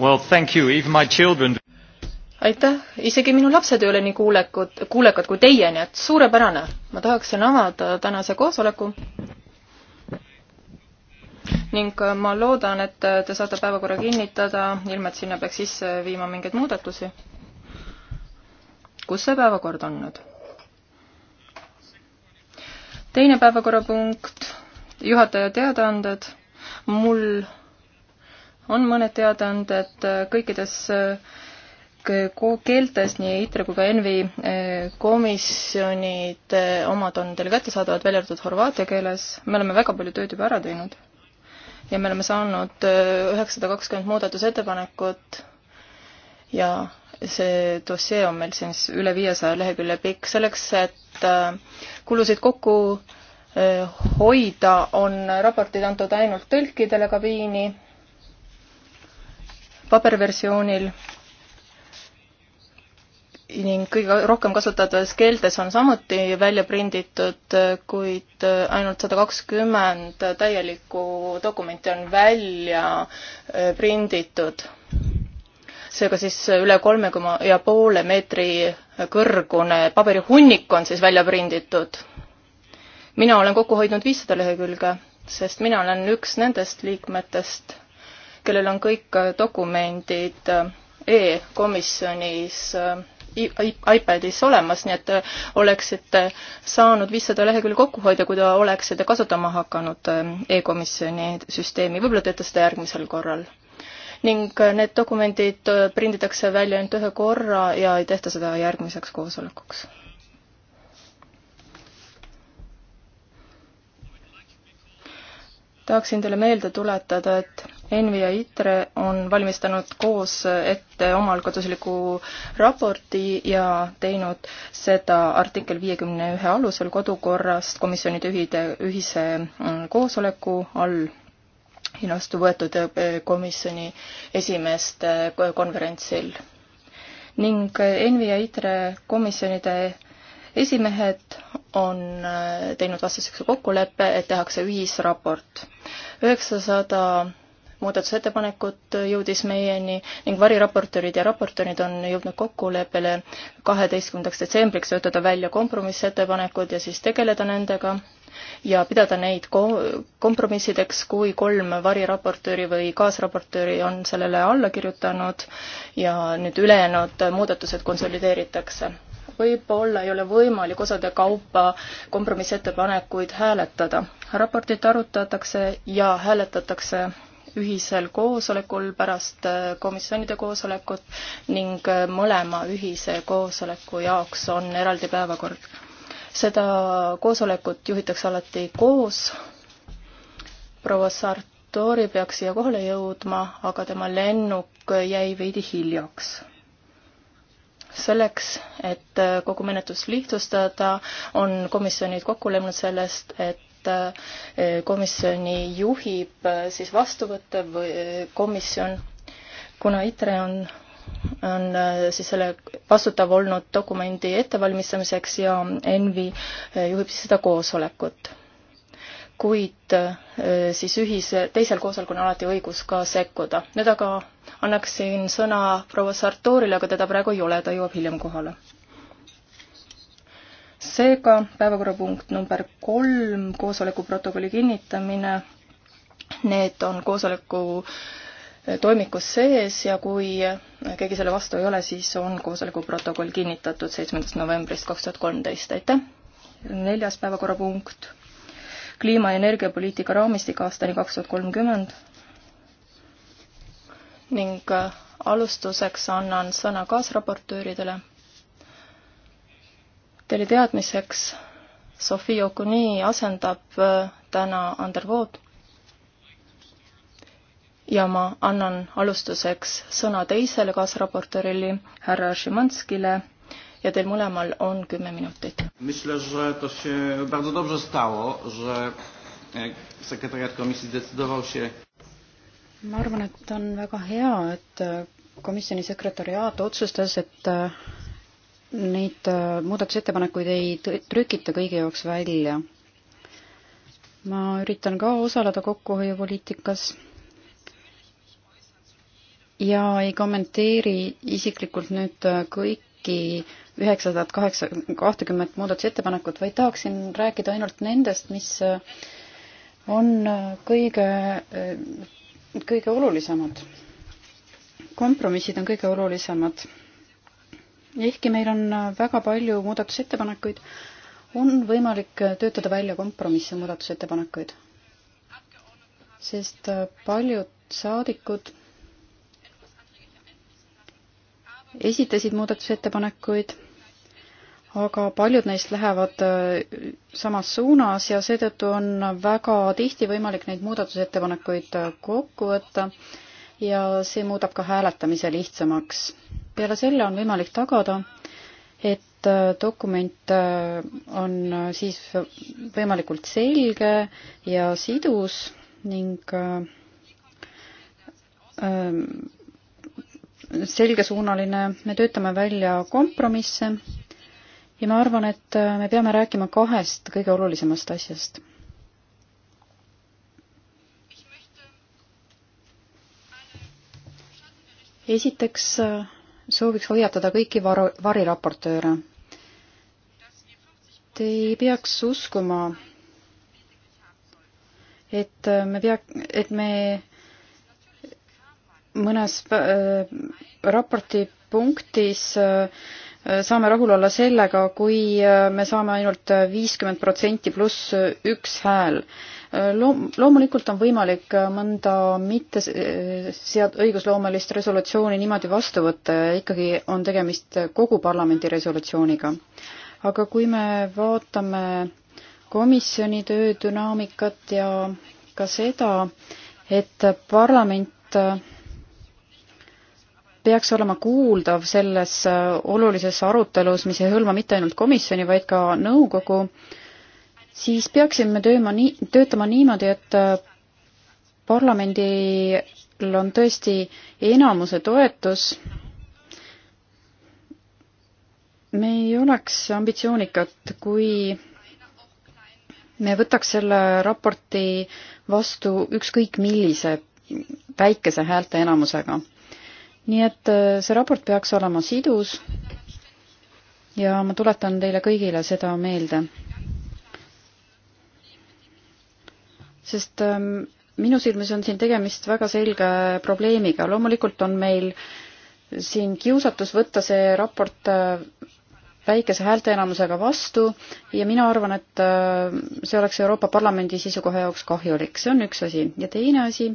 Well, thank you, even my children aitäh, isegi minu lapsed ei ole nii kuulekud, kuulekad kui teie, nii et suurepärane. ma tahaksin avada tänase koosoleku. ning äh, ma loodan, et äh, te saate päevakorra kinnitada, ilma et sinna peaks sisse viima mingeid muudatusi. kus see päevakord on nüüd? teine päevakorrapunkt, juhataja teadaanded. mul on mõned teadaanded äh, kõikides äh, keeltes, nii ITRE kui ka ENVI äh, komisjonid omad on teile kättesaadavad, välja arvatud horvaatia keeles. me oleme väga palju tööd juba ära teinud ja me oleme saanud üheksasada kakskümmend muudatusettepanekut ja see dossier on meil siis üle viiesaja lehekülje pikk, selleks et kulusid kokku hoida, on raportid antud ainult tõlkidele kabiini paberversioonil ning kõige rohkem kasutatavates keeltes on samuti välja prinditud, kuid ainult sada kakskümmend täielikku dokumenti on välja äh, prinditud. seega siis üle kolme koma ja poole meetri kõrgune paberihunnik on siis välja prinditud. mina olen kokku hoidnud viissada lehekülge, sest mina olen üks nendest liikmetest, kellel on kõik dokumendid äh, e-komisjonis äh, iPadis olemas, nii et äh, oleksite saanud viissada lehekülge kokku hoida, kui te oleksite kasutama hakanud e-komisjoni süsteemi, võib-olla teete seda järgmisel korral. ning need dokumendid prinditakse välja ainult ühe korra ja ei tehta seda järgmiseks koosolekuks. tahaksin teile meelde tuletada, et Envi ja ITRE on valmistanud koos ette omaalgatusliku raporti ja teinud seda artikkel viiekümne ühe alusel kodukorrast komisjonide ühide, ühise mm, koosoleku all ja vastu võetud e, komisjoni esimeeste konverentsil. ning Envi ja ITRE komisjonide esimehed on e, teinud vastastikuse kokkuleppe, et tehakse ühisraport. üheksasada muudatusettepanekut jõudis meieni ning variraportöörid ja raportöörid on jõudnud kokkuleppele kaheteistkümnendaks detsembriks töötada välja kompromissettepanekud ja siis tegeleda nendega ja pidada neid kompromissideks, kui kolm variraportööri või kaasraportööri on sellele alla kirjutanud ja nüüd ülejäänud muudatused konsolideeritakse võib-olla ei ole võimalik osade kaupa kompromissettepanekuid hääletada. raportit arutatakse ja hääletatakse ühisel koosolekul pärast äh, komisjonide koosolekut ning äh, mõlema ühise koosoleku jaoks on eraldi päevakord. seda koosolekut juhitakse alati koos, proua Sartori peaks siia kohale jõudma, aga tema lennuk jäi veidi hiljaks selleks, et äh, kogu menetlust lihtsustada, on komisjonid kokku leppinud sellest, et et e, komisjoni juhib e, siis vastuvõttev e, komisjon, kuna ITRE on, on siis selle vastutav olnud dokumendi ettevalmistamiseks ja ENVI juhib siis seda koosolekut. kuid siis ühise, teisel koosolekul on alati õigus ka sekkuda. nüüd aga annaksin sõna proua Sartorile, aga teda praegu ei ole, ta jõuab hiljem kohale seega päevakorrapunkt number kolm, koosoleku protokolli kinnitamine. Need on koosoleku eh, toimikus sees ja kui eh, keegi selle vastu ei ole, siis on koosoleku protokoll kinnitatud seitsmendast novembrist kaks tuhat kolmteist, aitäh. neljas päevakorrapunkt, kliima- ja energiapoliitika raamistik aastani kaks tuhat kolmkümmend ning eh, alustuseks annan sõna kaasraportööridele Teile teadmiseks, Sophie Okuni asendab äh, täna Ander Vood ja ma annan alustuseks sõna teisele kaasraportöörili, härra Šimanskile, ja teil mõlemal on kümme minutit. E, ma arvan, et on väga hea, et e, komisjoni sekretäriaat otsustas, et e, neid äh, muudatusettepanekuid ei trükita kõigi jaoks välja. ma üritan ka osaleda kokkuhoiupoliitikas ja ei kommenteeri isiklikult nüüd äh, kõiki üheksasadat kaheksa, kahtekümmet muudatusettepanekut, vaid tahaksin rääkida ainult nendest, mis äh, on kõige, kõige olulisemad. kompromissid on kõige olulisemad ehkki meil on äh, väga palju muudatusettepanekuid, on võimalik äh, töötada välja kompromisse muudatusettepanekuid. sest äh, paljud saadikud esitasid muudatusettepanekuid, aga paljud neist lähevad samas suunas ja seetõttu on väga tihti võimalik neid muudatusettepanekuid kokku võtta ja see muudab ka hääletamise lihtsamaks peale selle on võimalik tagada, et äh, dokument äh, on äh, siis võimalikult selge ja sidus ning selgesuunaline, me töötame välja kompromisse ja ma arvan, et me peame rääkima kahest kõige olulisemast asjast. esiteks sooviks hoiatada kõiki varu, variraportööre. Te ei peaks uskuma, et me pea-, et me mõnes äh, raporti punktis äh, saame rahul olla sellega, kui äh, me saame ainult äh, viiskümmend protsenti pluss üks hääl. Äh, loom-, loomulikult on võimalik mõnda mitte sead-, õigusloomelist resolutsiooni niimoodi vastu võtta ja ikkagi on tegemist kogu parlamendi resolutsiooniga. aga kui me vaatame komisjoni töö dünaamikat ja ka seda, et parlament peaks olema kuuldav selles äh, olulises arutelus, mis ei hõlma mitte ainult komisjoni, vaid ka nõukogu, siis peaksime tööma nii, töötama niimoodi, et äh, parlamendil on tõesti enamuse toetus. me ei oleks ambitsioonikad, kui me võtaks selle raporti vastu ükskõik millise väikese häälteenamusega nii et äh, see raport peaks olema sidus ja ma tuletan teile kõigile seda meelde. sest ähm, minu silmis on siin tegemist väga selge probleemiga, loomulikult on meil siin kiusatus võtta see raport äh, väikese häälteenamusega vastu ja mina arvan, et äh, see oleks Euroopa Parlamendi seisukoha jaoks kahjulik, see on üks asi. ja teine asi,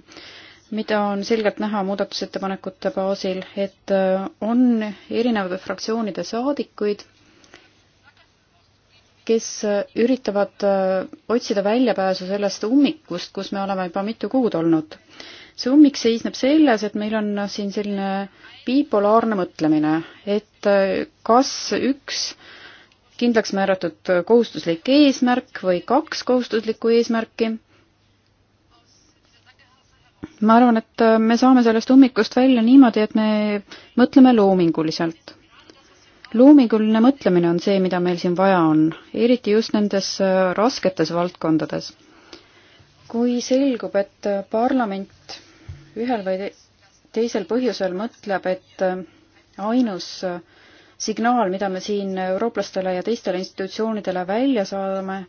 mida on selgelt näha muudatusettepanekute baasil, et äh, on erinevate fraktsioonide saadikuid, kes äh, üritavad äh, otsida väljapääsu sellest ummikust, kus me oleme juba mitu kuud olnud. see ummik seisneb selles, et meil on siin selline bipolaarne mõtlemine, et kas üks kindlaks määratud kohustuslik eesmärk või kaks kohustuslikku eesmärki ma arvan, et äh, me saame sellest ummikust välja niimoodi, et me mõtleme loominguliselt. loominguline mõtlemine on see, mida meil siin vaja on, eriti just nendes äh, rasketes valdkondades. kui selgub, et äh, parlament ühel või teisel põhjusel mõtleb, et ainus signaal, mida me siin eurooplastele ja teistele institutsioonidele välja saadame,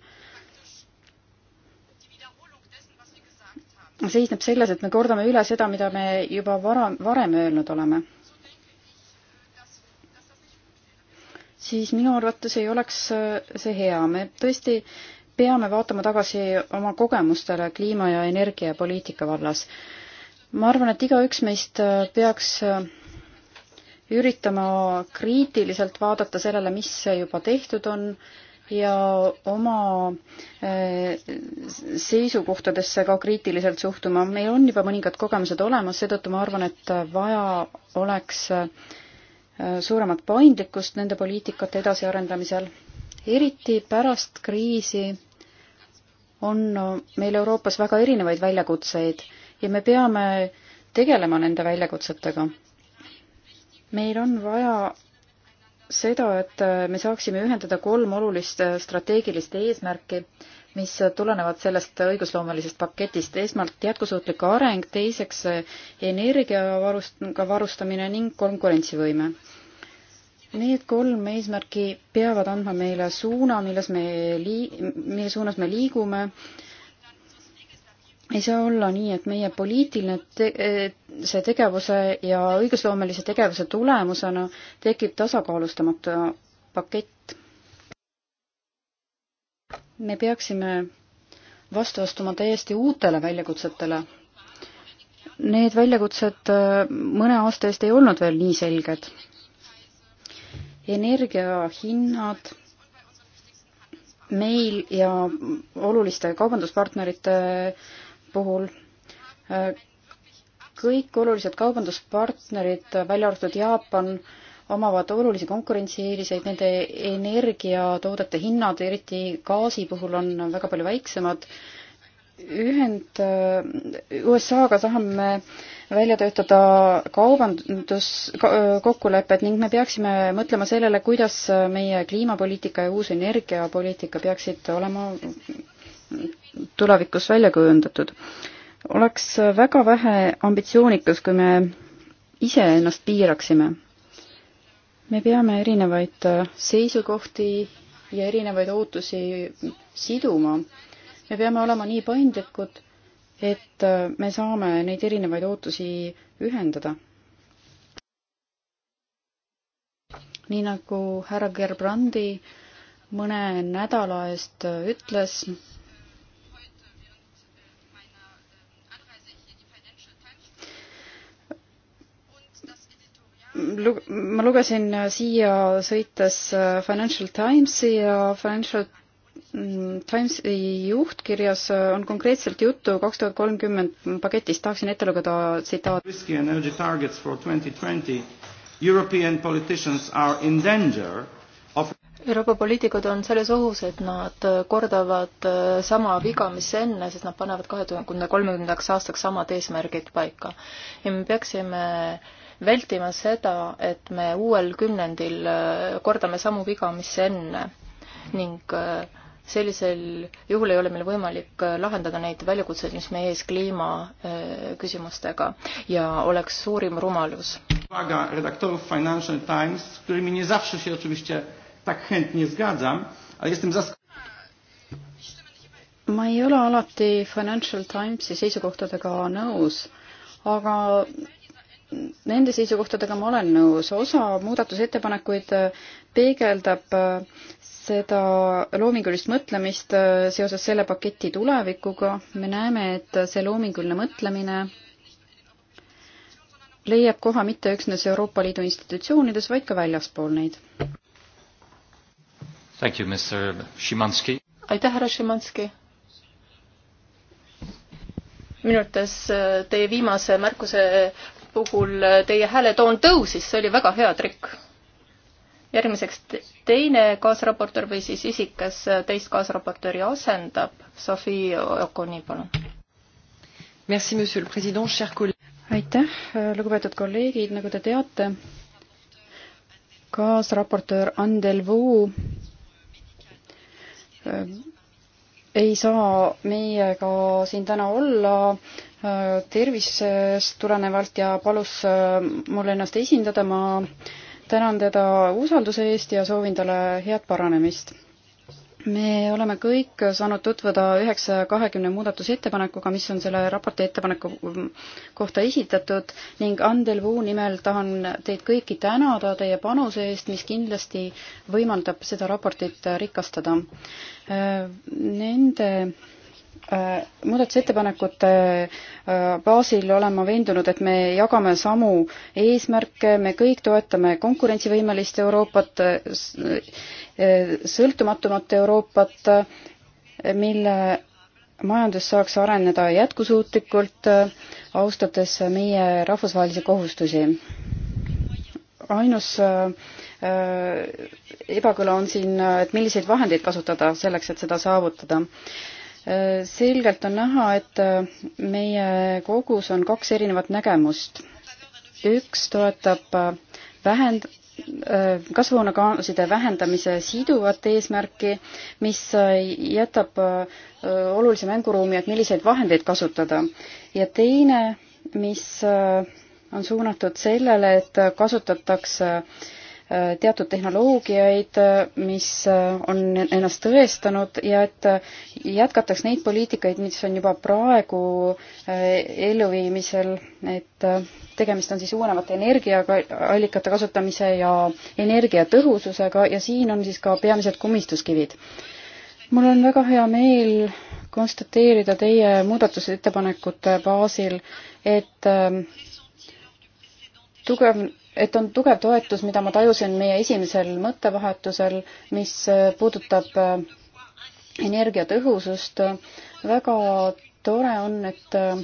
seisneb selles, et me kordame üle seda, mida me juba vara, varem öelnud oleme. siis minu arvates ei oleks see hea, me tõesti peame vaatama tagasi oma kogemustele kliima- ja energiapoliitika vallas. ma arvan, et igaüks meist peaks üritama kriitiliselt vaadata sellele, mis juba tehtud on ja oma eh, seisukohtadesse ka kriitiliselt suhtuma. meil on juba mõningad kogemused olemas, seetõttu ma arvan, et vaja oleks eh, suuremat paindlikkust nende poliitikate edasiarendamisel. eriti pärast kriisi on meil Euroopas väga erinevaid väljakutseid ja me peame tegelema nende väljakutsetega. meil on vaja seda, et äh, me saaksime ühendada kolm olulist äh, strateegilist eesmärki, mis äh, tulenevad sellest õigusloomelisest paketist. esmalt jätkusuutlik areng, teiseks energiavaruga varustamine ning konkurentsivõime. Need kolm eesmärki peavad andma meile suuna, milles me lii-, mille suunas me liigume äh, ei saa olla nii, et meie poliitiline te see tegevuse ja õigusloomelise tegevuse tulemusena tekib tasakaalustamata pakett. me peaksime vastu astuma täiesti uutele väljakutsetele. Need väljakutsed äh, mõne aasta eest ei olnud veel nii selged. energiahinnad meil ja oluliste kaubanduspartnerite äh, puhul äh, kõik olulised kaubanduspartnerid, välja arvatud Jaapan, omavad olulisi konkurentsieeliseid, nende energiatoodete hinnad, eriti gaasi puhul, on väga palju väiksemad. Ühend, USA-ga tahame välja töötada kaubanduskokkulepped ning me peaksime mõtlema sellele, kuidas meie kliimapoliitika ja uus energiapoliitika peaksid olema tulevikus välja kujundatud. oleks väga vähe ambitsioonikas, kui me ise ennast piiraksime. me peame erinevaid äh, seisukohti ja erinevaid ootusi siduma. me peame olema nii paindlikud, et äh, me saame neid erinevaid ootusi ühendada nii nagu härra Gerbrandi mõne nädala eest ütles, lug-, ma lugesin siia sõites äh, Financial Timesi ja Financial mm, Timesi juhtkirjas äh, on konkreetselt juttu kaks tuhat kolmkümmend paketist, tahaksin ette lugeda tsitaat. Risky energy targets for twenty twenty European politicians are in danger of Euroopa poliitikud on selles ohus, et nad äh, kordavad sama viga, mis enne, sest nad panevad kahe tuhande kolmekümnendaks aastaks samad eesmärgid paika. ja me peaksime äh, vältima seda, et me uuel kümnendil äh, kordame samu viga, mis enne ning äh, sellisel juhul ei ole meil võimalik äh, lahendada neid väljakutseid, mis meie ees kliimaküsimustega ja oleks suurim rumalus. Uwaga redaktorów Financial Times, z którymi nie zawsze się oczywiście tak chętnie zgadzam, ale jestem zaskoczony ma ei ole alati Financial Timesi seisukohtadega nõus, aga nende seisukohtadega ma olen nõus. osa muudatusettepanekuid äh, peegeldab äh, seda loomingulist mõtlemist äh, seoses selle paketi tulevikuga. me näeme, et see loominguline mõtlemine leiab koha mitte üksnes Euroopa Liidu institutsioonides, vaid ka väljaspool neid. aitäh, härra Šimanski! minu arvates teie viimase märkuse puhul äh, teie hääletoon tõusis, see oli väga hea trikk. järgmiseks teine kaasraportöör või siis isik, kes äh, teist kaasraportööri asendab, Sofi Okoni, palun. aitäh, äh, lugupeetud kolleegid, nagu te teate, kaasraportöör Andel Vuu ei saa meiega siin täna olla äh, tervisest tulenevalt ja palus äh, mul ennast esindada. ma tänan teda usalduse eest ja soovin talle head paranemist me oleme kõik saanud tutvuda üheksasaja kahekümne muudatusettepanekuga, mis on selle raporti ettepaneku kohta esitatud ning Andel Vuu nimel tahan teid kõiki tänada teie panuse eest, mis kindlasti võimaldab seda raportit rikastada. Äh, nende Äh, muudatusettepanekute äh, baasil olen ma veendunud, et me jagame samu eesmärke, me kõik toetame konkurentsivõimelist Euroopat, äh, sõltumatumat Euroopat, mille majandus saaks areneda jätkusuutlikult, austades meie rahvusvahelisi kohustusi. ainus ebakõla on siin, et milliseid vahendeid kasutada selleks, et seda saavutada selgelt on näha, et äh, meie kogus on kaks erinevat nägemust. üks toetab äh, vähend-, äh, kasvuhoonegaaside vähendamise siduvat eesmärki, mis jätab olulise mänguruumi, et milliseid vahendeid kasutada. ja teine, mis on suunatud sellele, et kasutatakse teatud tehnoloogiaid, mis äh, on ennast tõestanud ja et äh, jätkataks neid poliitikaid, mis on juba praegu äh, elluviimisel, et tegemist on siis uuenevate energiaallikate kasutamise ja energiatõhususega ja siin on siis ka peamised komistuskivid. mul on väga hea meel konstateerida teie muudatusettepanekute baasil, et tugev et on tugev toetus, mida ma tajusin meie esimesel mõttevahetusel, mis äh, puudutab äh, energiatõhusust. väga tore on, et äh,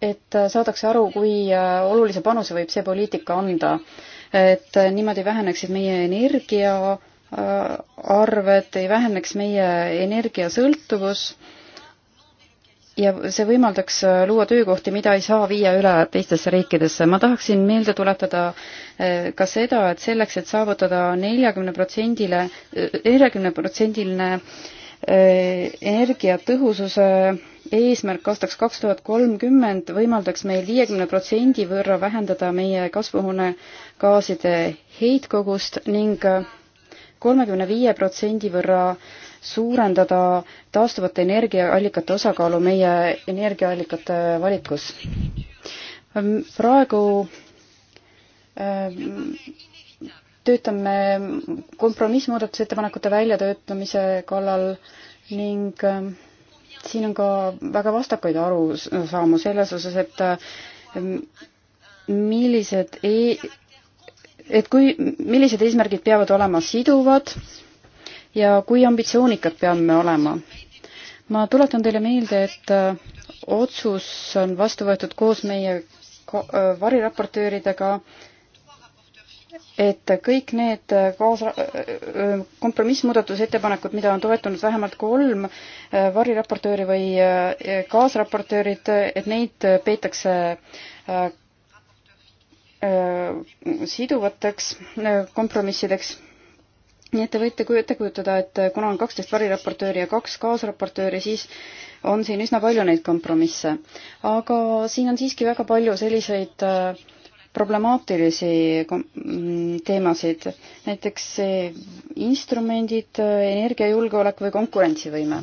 et saadakse aru, kui olulise panuse võib see poliitika anda. et niimoodi väheneksid meie energia arved, ei väheneks meie energiasõltuvus ja see võimaldaks äh, luua töökohti, mida ei saa viia üle teistesse riikidesse. ma tahaksin meelde tuletada äh, ka seda, et selleks, et saavutada neljakümne protsendile, äh, neljakümne protsendiline energiatõhususe eesmärk aastaks kaks tuhat kolmkümmend võimaldaks meil viiekümne protsendi võrra vähendada meie kasvuhoonegaaside heitkogust ning kolmekümne viie protsendi võrra äh, suurendada taastuvate energiaallikate osakaalu meie energiaallikate valikus. praegu ähm, töötame kompromissmuudatusettepanekute väljatöötamise kallal ning ähm, siin on ka väga vastakaid arusaamu selles osas, et ähm, millised e, et kui, millised eesmärgid peavad olema siduvad ja kui ambitsioonikad peame olema. ma tuletan teile meelde, et äh, otsus on vastu võetud koos meie äh, variraportööridega, et kõik need äh, kaasa, kompromissmuudatusettepanekud, mida on toetanud vähemalt kolm variraportööri või kaasraportöörid, et neid peetakse siduvateks kompromissideks nii et te võite ette kujutada, et kuna on kaksteist variraportööri ja kaks kaasraportööri, siis on siin üsna palju neid kompromisse. aga siin on siiski väga palju selliseid äh, problemaatilisi mm, teemasid, näiteks instrumendid, äh, energiajulgeolek või konkurentsivõime.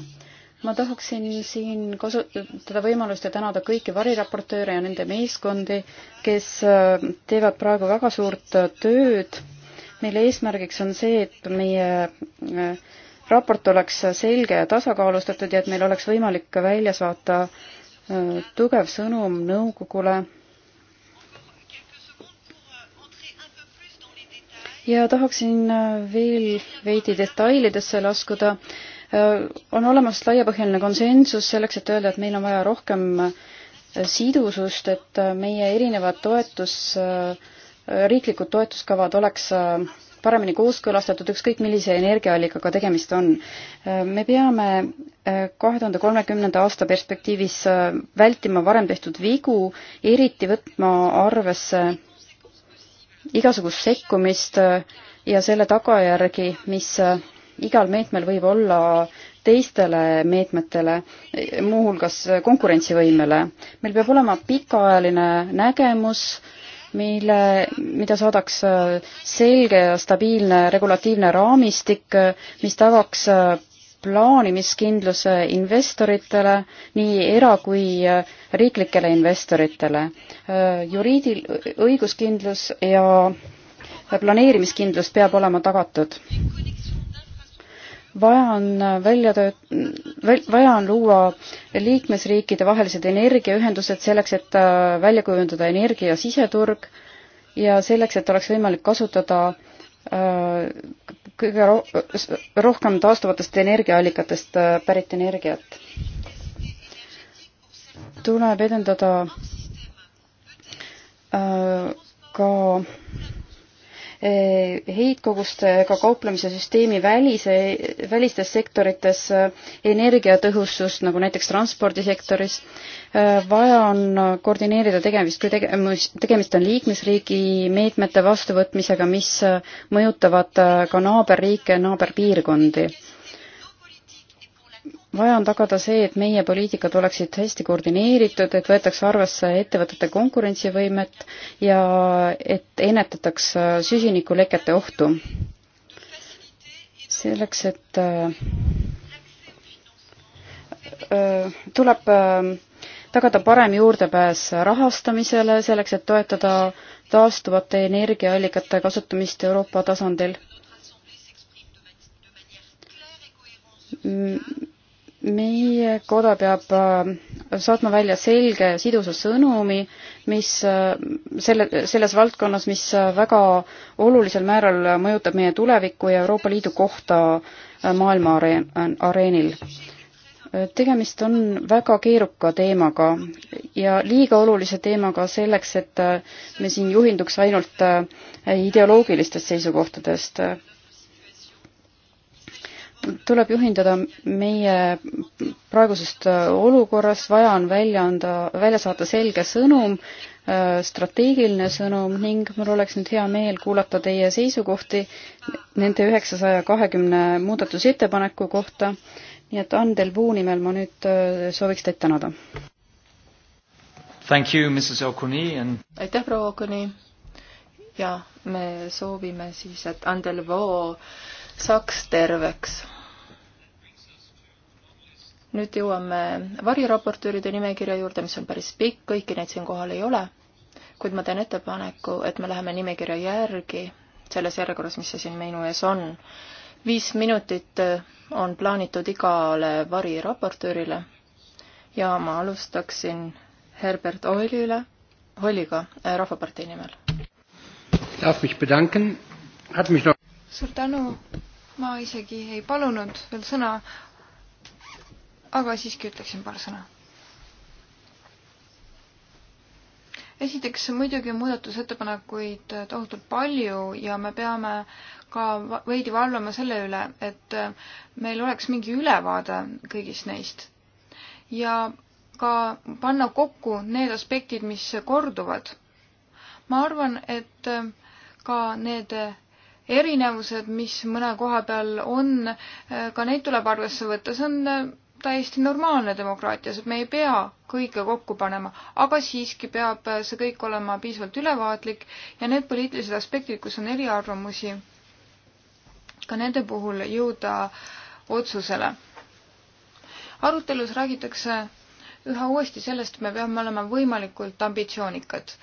ma tahaksin siin kasutada võimalust ja tänada kõiki variraportööre ja nende meeskondi, kes äh, teevad praegu väga suurt tööd mille eesmärgiks on see, et meie äh, raport oleks selge ja tasakaalustatud ja et meil oleks võimalik välja saata äh, tugev sõnum nõukogule. ja tahaksin äh, veel veidi detailidesse laskuda. on olemas laiapõhjaline konsensus selleks, et öelda, et meil on vaja rohkem sidusust, et meie erinevad toetus äh, riiklikud toetuskavad oleks äh, paremini kooskõlastatud, ükskõik millise energiaallikaga tegemist on. Äh, me peame äh, kahe tuhande kolmekümnenda aasta perspektiivis vältima varem tehtud vigu, eriti võtma arvesse igasugust sekkumist ja selle tagajärgi, mis igal meetmel võib olla teistele meetmetele, muuhulgas konkurentsivõimele. meil peab olema pikaajaline nägemus äh, mille, mida saadaks äh, selge ja stabiilne regulatiivne raamistik, äh, mis tagaks äh, plaanimiskindluse investoritele, nii era- kui riiklikele investoritele. juriidil-, õiguskindlus ja planeerimiskindlus peab olema tagatud vaja on äh, välja tööt-, vaja on luua liikmesriikide vahelised energiaühendused selleks, et äh, välja kujundada energia siseturg ja selleks, et oleks võimalik kasutada äh, kõige ro-, rohkem taastuvatest energiaallikatest pärit energiat. tuleb edendada ka Eh, heitkogustega eh, kauplemise süsteemi välise, välistes sektorites eh, energiatõhusust, nagu näiteks transpordisektoris. vaja on koordineerida tegemist, kui tegemist, tegemist on liikmesriigi meetmete vastuvõtmisega, mis mõjutavad ka naaberriike, naaberpiirkondi vaja on tagada see, et meie poliitikad oleksid hästi koordineeritud, et võetakse arvesse ettevõtete konkurentsivõimet ja et ennetataks süsinikulekete ohtu. selleks, et äh, äh, tuleb äh, tagada parem juurdepääs rahastamisele, selleks et toetada taastuvate energiaallikate kasutamist Euroopa tasandil meie koda peab äh, saatma välja selge ja sidusa sõnumi, mis äh, selle, selles valdkonnas, mis äh, väga olulisel määral mõjutab meie tulevikku ja Euroopa Liidu kohta maailma areen-, areenil. tegemist on väga keeruka teemaga ja liiga olulise teemaga selleks, et me siin juhinduks ainult ideoloogilistest seisukohtadest tuleb juhinduda meie praegusest äh, olukorrast, vaja on välja anda, välja saata selge sõnum, äh, strateegiline sõnum ning mul oleks nüüd hea meel kuulata teie seisukohti nende üheksasaja kahekümne muudatusettepaneku kohta. nii et Andel Puu nimel ma nüüd äh, sooviks teid tänada. And... aitäh, proua Okuni ja me soovime siis, et Andel Voo Vo saaks terveks. nüüd jõuame variraportööride nimekirja juurde, mis on päris pikk, kõiki neid siin kohal ei ole, kuid ma teen ettepaneku, et me läheme nimekirja järgi, selles järjekorras, mis see siin minu ees on. viis minutit on plaanitud igale variraportöörile ja ma alustaksin Herbert Oilile, Olliga eh, Rahvapartei nimel. Darf mich bedanken, hat mich noch suur tänu, ma isegi ei palunud veel sõna, aga siiski ütleksin paar sõna. esiteks muidugi muudatusettepanekuid tohutult palju ja me peame ka veidi valvama selle üle, et meil oleks mingi ülevaade kõigist neist. ja ka panna kokku need aspektid, mis korduvad. ma arvan, et ka need erinevused, mis mõne koha peal on, ka neid tuleb arvesse võtta, see on äh, täiesti normaalne demokraatias, et me ei pea kõike kokku panema, aga siiski peab äh, see kõik olema piisavalt ülevaatlik ja need poliitilised aspektid, kus on eriarvamusi, ka nende puhul jõuda otsusele. arutelus räägitakse üha uuesti sellest, me peame olema võimalikult ambitsioonikad.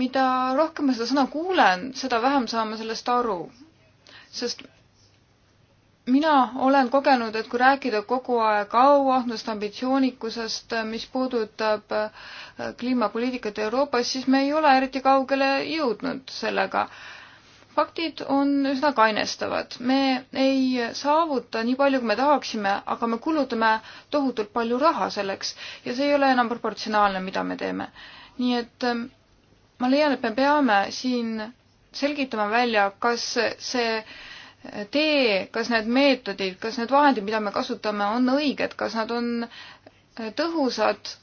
mida rohkem ma seda sõna kuulen, seda vähem saan ma sellest aru. sest mina olen kogenud, et kui rääkida kogu aeg auahnest, ambitsioonikusest, mis puudutab äh, kliimapoliitikat Euroopas, siis me ei ole eriti kaugele jõudnud sellega faktid on üsna kainestavad. me ei saavuta nii palju, kui me tahaksime, aga me kulutame tohutult palju raha selleks ja see ei ole enam proportsionaalne, mida me teeme. nii et ähm, ma leian, et me peame siin selgitama välja, kas see tee, kas need meetodid, kas need vahendid, mida me kasutame, on õiged, kas nad on äh, tõhusad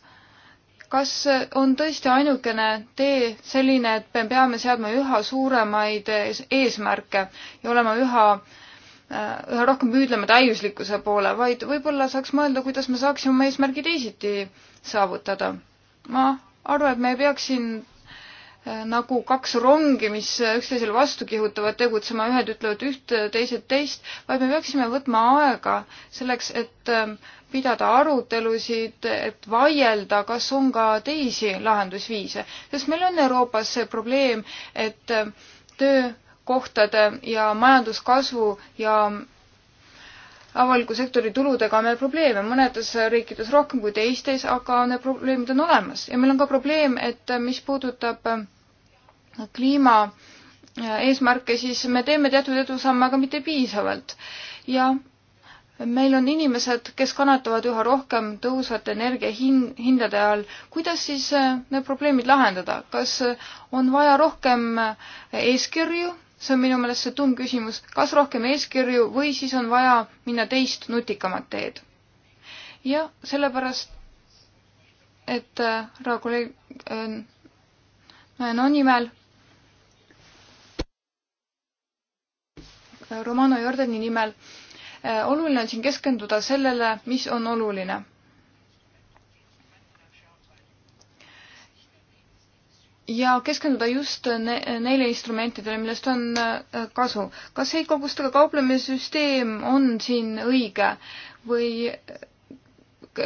kas on tõesti ainukene tee selline, et me peame seadma üha suuremaid eesmärke ja olema üha, äh, üha rohkem püüdlema täiuslikkuse poole, vaid võib-olla saaks mõelda, kuidas me saaksime oma eesmärgi teisiti saavutada. ma arvan, et me ei peaks siin äh, nagu kaks rongi, mis üksteisele vastu kihutavad, tegutsema, ühed ütlevad üht, teised teist, vaid me peaksime võtma aega selleks, et äh, pidada arutelusid, et vaielda, kas on ka teisi lahendusviise, sest meil on Euroopas see probleem, et töökohtade ja majanduskasvu ja avaliku sektori tuludega on meil probleeme, mõnedes riikides rohkem kui teistes, aga need probleemid on olemas ja meil on ka probleem, et mis puudutab kliima eesmärke, siis me teeme teatud edusamme, aga mitte piisavalt. ja meil on inimesed, kes kannatavad üha rohkem tõusvate energiahindade all. kuidas siis äh, need probleemid lahendada, kas äh, on vaja rohkem äh, eeskirju, see on minu meelest see tumm küsimus, kas rohkem eeskirju või siis on vaja minna teist nutikamat teed? ja sellepärast, et härra äh, kolleeg äh, no nimel Romano Jordani nimel äh, Äh, oluline on siin keskenduda sellele, mis on oluline. ja keskenduda just ne neile instrumentidele, millest on äh, kasu. kas heitkogustega kauplemise süsteem on siin õige või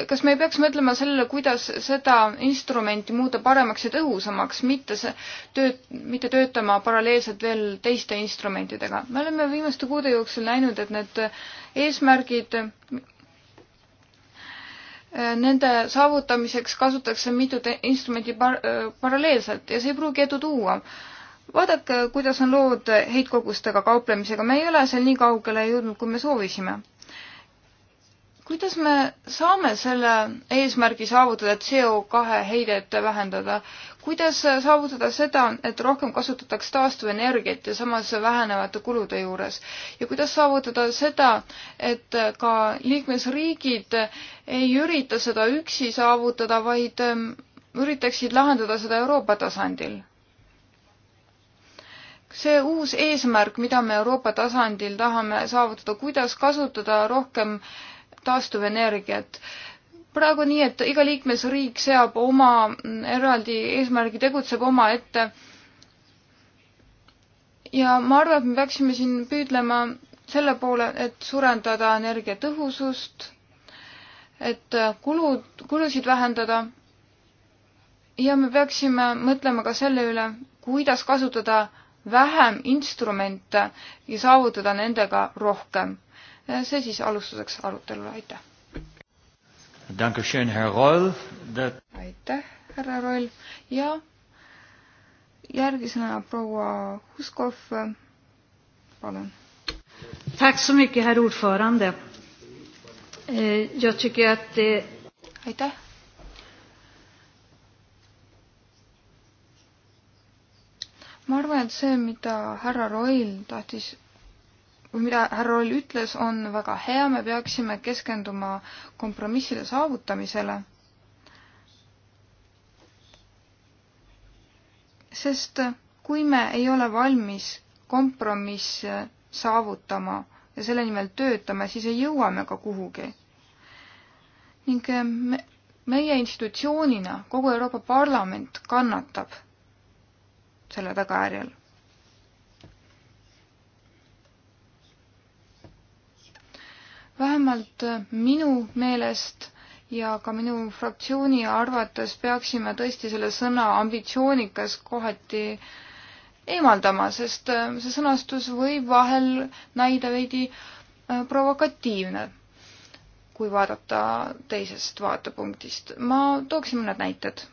kas me ei peaks mõtlema sellele, kuidas seda instrumenti muuta paremaks ja tõhusamaks, mitte see tööt-, mitte töötama paralleelselt veel teiste instrumentidega. me oleme viimaste kuude jooksul näinud, et need eesmärgid, nende saavutamiseks kasutatakse mitut instrumenti par-, paralleelselt ja see ei pruugi edu tuua vaadake, kuidas on lood heitkogustega kauplemisega, me ei ole seal nii kaugele jõudnud, kui me soovisime kuidas me saame selle eesmärgi saavutada, et CO2 heidet vähendada? kuidas saavutada seda, et rohkem kasutatakse taastuvenergiat ja samas vähenevate kulude juures? ja kuidas saavutada seda, et ka liikmesriigid ei ürita seda üksi saavutada, vaid ähm, üritaksid lahendada seda Euroopa tasandil? see uus eesmärk, mida me Euroopa tasandil tahame saavutada, kuidas kasutada rohkem äh, taastuvenergiat. praegu on nii, et iga liikmesriik seab oma eraldi eesmärgi, tegutseb omaette. ja ma arvan, et me peaksime siin püüdlema selle poole, et suurendada energiatõhusust, et kulud, kulusid vähendada ja me peaksime mõtlema ka selle üle, kuidas kasutada vähem instrumente ja saavutada nendega rohkem. Eh, see siis alustuseks arutelule, aitäh. aitäh, härra Roll ja järgmisena proua Huskov, palun. Eh, aitäh. ma arvan, et see, mida härra Roil tahtis mida härra Roll ütles, on väga hea, me peaksime keskenduma kompromisside saavutamisele. sest kui me ei ole valmis kompromisse saavutama ja selle nimel töötame, siis ei jõua me ka kuhugi. ning me, meie institutsioonina, kogu Euroopa Parlament kannatab selle tagajärjel vähemalt minu meelest ja ka minu fraktsiooni arvates peaksime tõesti selle sõna ambitsioonikas kohati eemaldama, sest äh, see sõnastus võib vahel näida veidi äh, provokatiivne, kui vaadata teisest vaatepunktist. ma tooksin mõned näited.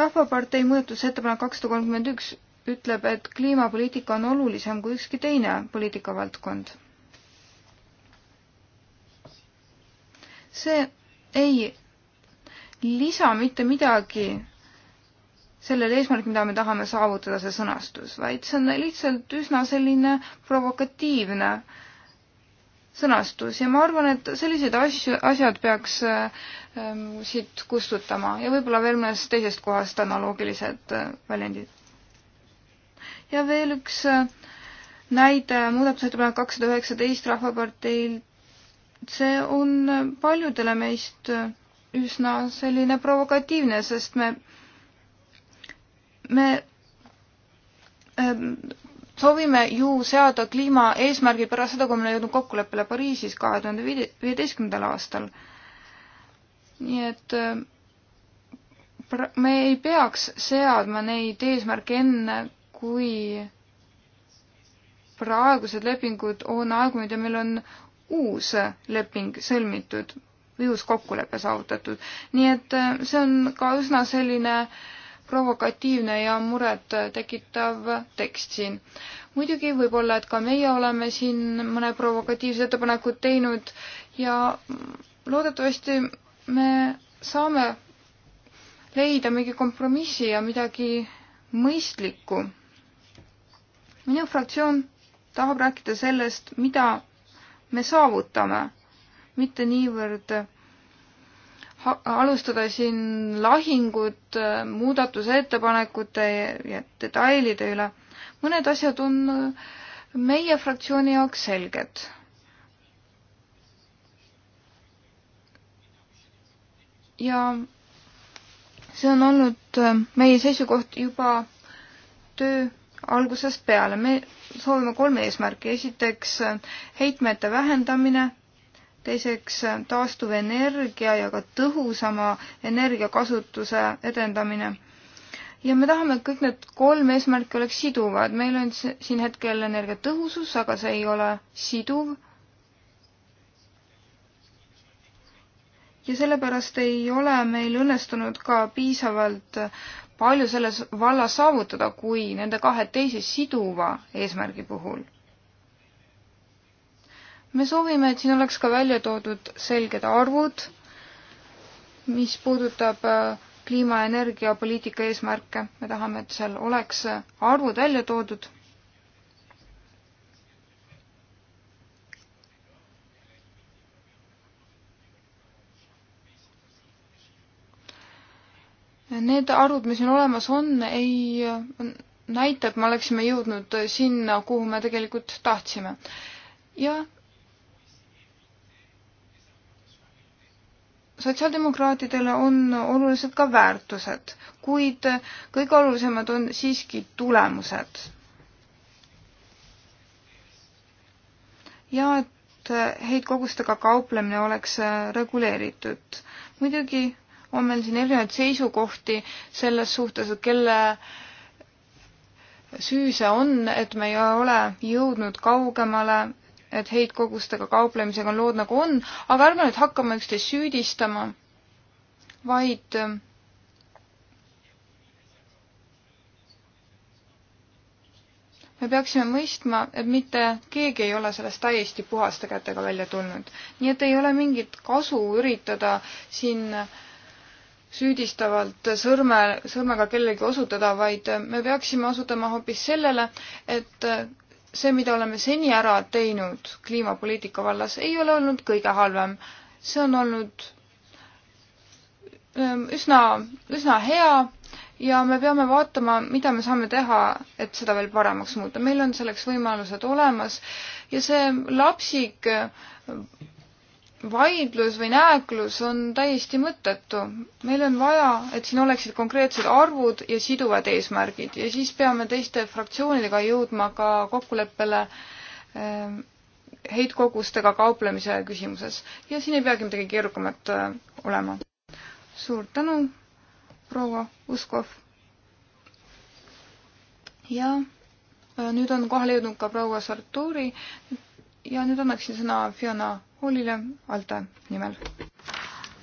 rahvapartei muudatusettepanek kakssada kolmkümmend üks ütleb, et kliimapoliitika on olulisem kui ükski teine poliitikavaldkond. see ei lisa mitte midagi sellele eesmärgile, mida me tahame saavutada, see sõnastus, vaid see on lihtsalt üsna selline provokatiivne sõnastus ja ma arvan, et selliseid asju, asjad peaks ähm, siit kustutama ja võib-olla veel mõnest teisest kohast analoogilised äh, väljendid ja veel üks äh, näide, muudatusettepanek kakssada üheksateist Rahvaparteilt. see on äh, paljudele meist äh, üsna selline provokatiivne, sest me, me ähm, soovime ju seada kliimaeesmärgi pärast seda, kui me oleme jõudnud kokkuleppele Pariisis kahe tuhande viieteistkümnendal aastal. nii et me ei peaks seadma neid eesmärke enne, kui praegused lepingud on aegunud ja meil on uus leping sõlmitud või uus kokkulepe saavutatud. nii et äh, see on ka üsna selline provokatiivne ja muret tekitav tekst siin. muidugi võib-olla, et ka meie oleme siin mõne provokatiivse ettepaneku teinud ja loodetavasti me saame leida mingi kompromissi ja midagi mõistlikku minu fraktsioon tahab rääkida sellest, mida me saavutame, mitte niivõrd alustada siin lahingut muudatusettepanekute ja detailide üle. mõned asjad on meie fraktsiooni jaoks selged. ja see on olnud meie seisukoht juba töö algusest peale. me soovime kolme eesmärki. esiteks heitmete vähendamine, teiseks taastuvenergia ja ka tõhusama energiakasutuse edendamine ja me tahame, et kõik need kolm eesmärki oleks siduvad. meil on siin hetkel energiatõhusus, aga see ei ole siduv. ja sellepärast ei ole meil õnnestunud ka piisavalt palju selles vallas saavutada, kui nende kahe teise siduva eesmärgi puhul. me soovime, et siin oleks ka välja toodud selged arvud, mis puudutab äh, kliima- ja energiapoliitika eesmärke, me tahame, et seal oleks äh, arvud välja toodud Need arvud, mis meil olemas on, ei näita, et me oleksime jõudnud sinna, kuhu me tegelikult tahtsime. ja sotsiaaldemokraatidele on olulised ka väärtused, kuid kõige olulisemad on siiski tulemused. ja et heitkogustega kauplemine oleks reguleeritud. muidugi on meil siin erinevaid seisukohti selles suhtes, et kelle süü see on, et me ei ole jõudnud kaugemale, et heitkogustega kauplemisega on lood nagu on, aga ärme nüüd hakkame üksteist süüdistama, vaid me peaksime mõistma, et mitte keegi ei ole sellest täiesti puhaste kätega välja tulnud. nii et ei ole mingit kasu üritada siin äh, süüdistavalt sõrme, sõrmega kellelegi osutada, vaid me peaksime osutama hoopis sellele, et see, mida oleme seni ära teinud kliimapoliitika vallas, ei ole olnud kõige halvem. see on olnud ähm, üsna, üsna hea ja me peame vaatama, mida me saame teha, et seda veel paremaks muuta. meil on selleks võimalused olemas ja see lapsik vaidlus või nääklus on täiesti mõttetu. meil on vaja, et siin oleksid konkreetsed arvud ja siduvad eesmärgid ja siis peame teiste fraktsioonidega jõudma ka kokkuleppele ähm, heitkogustega kauplemise küsimuses. ja siin ei peagi midagi keerukamat äh, olema. suur tänu, proua Uskov. ja äh, nüüd on kohale jõudnud ka proua Sarturi ja nüüd annaksin sõna Fiona Hallile Alde nimel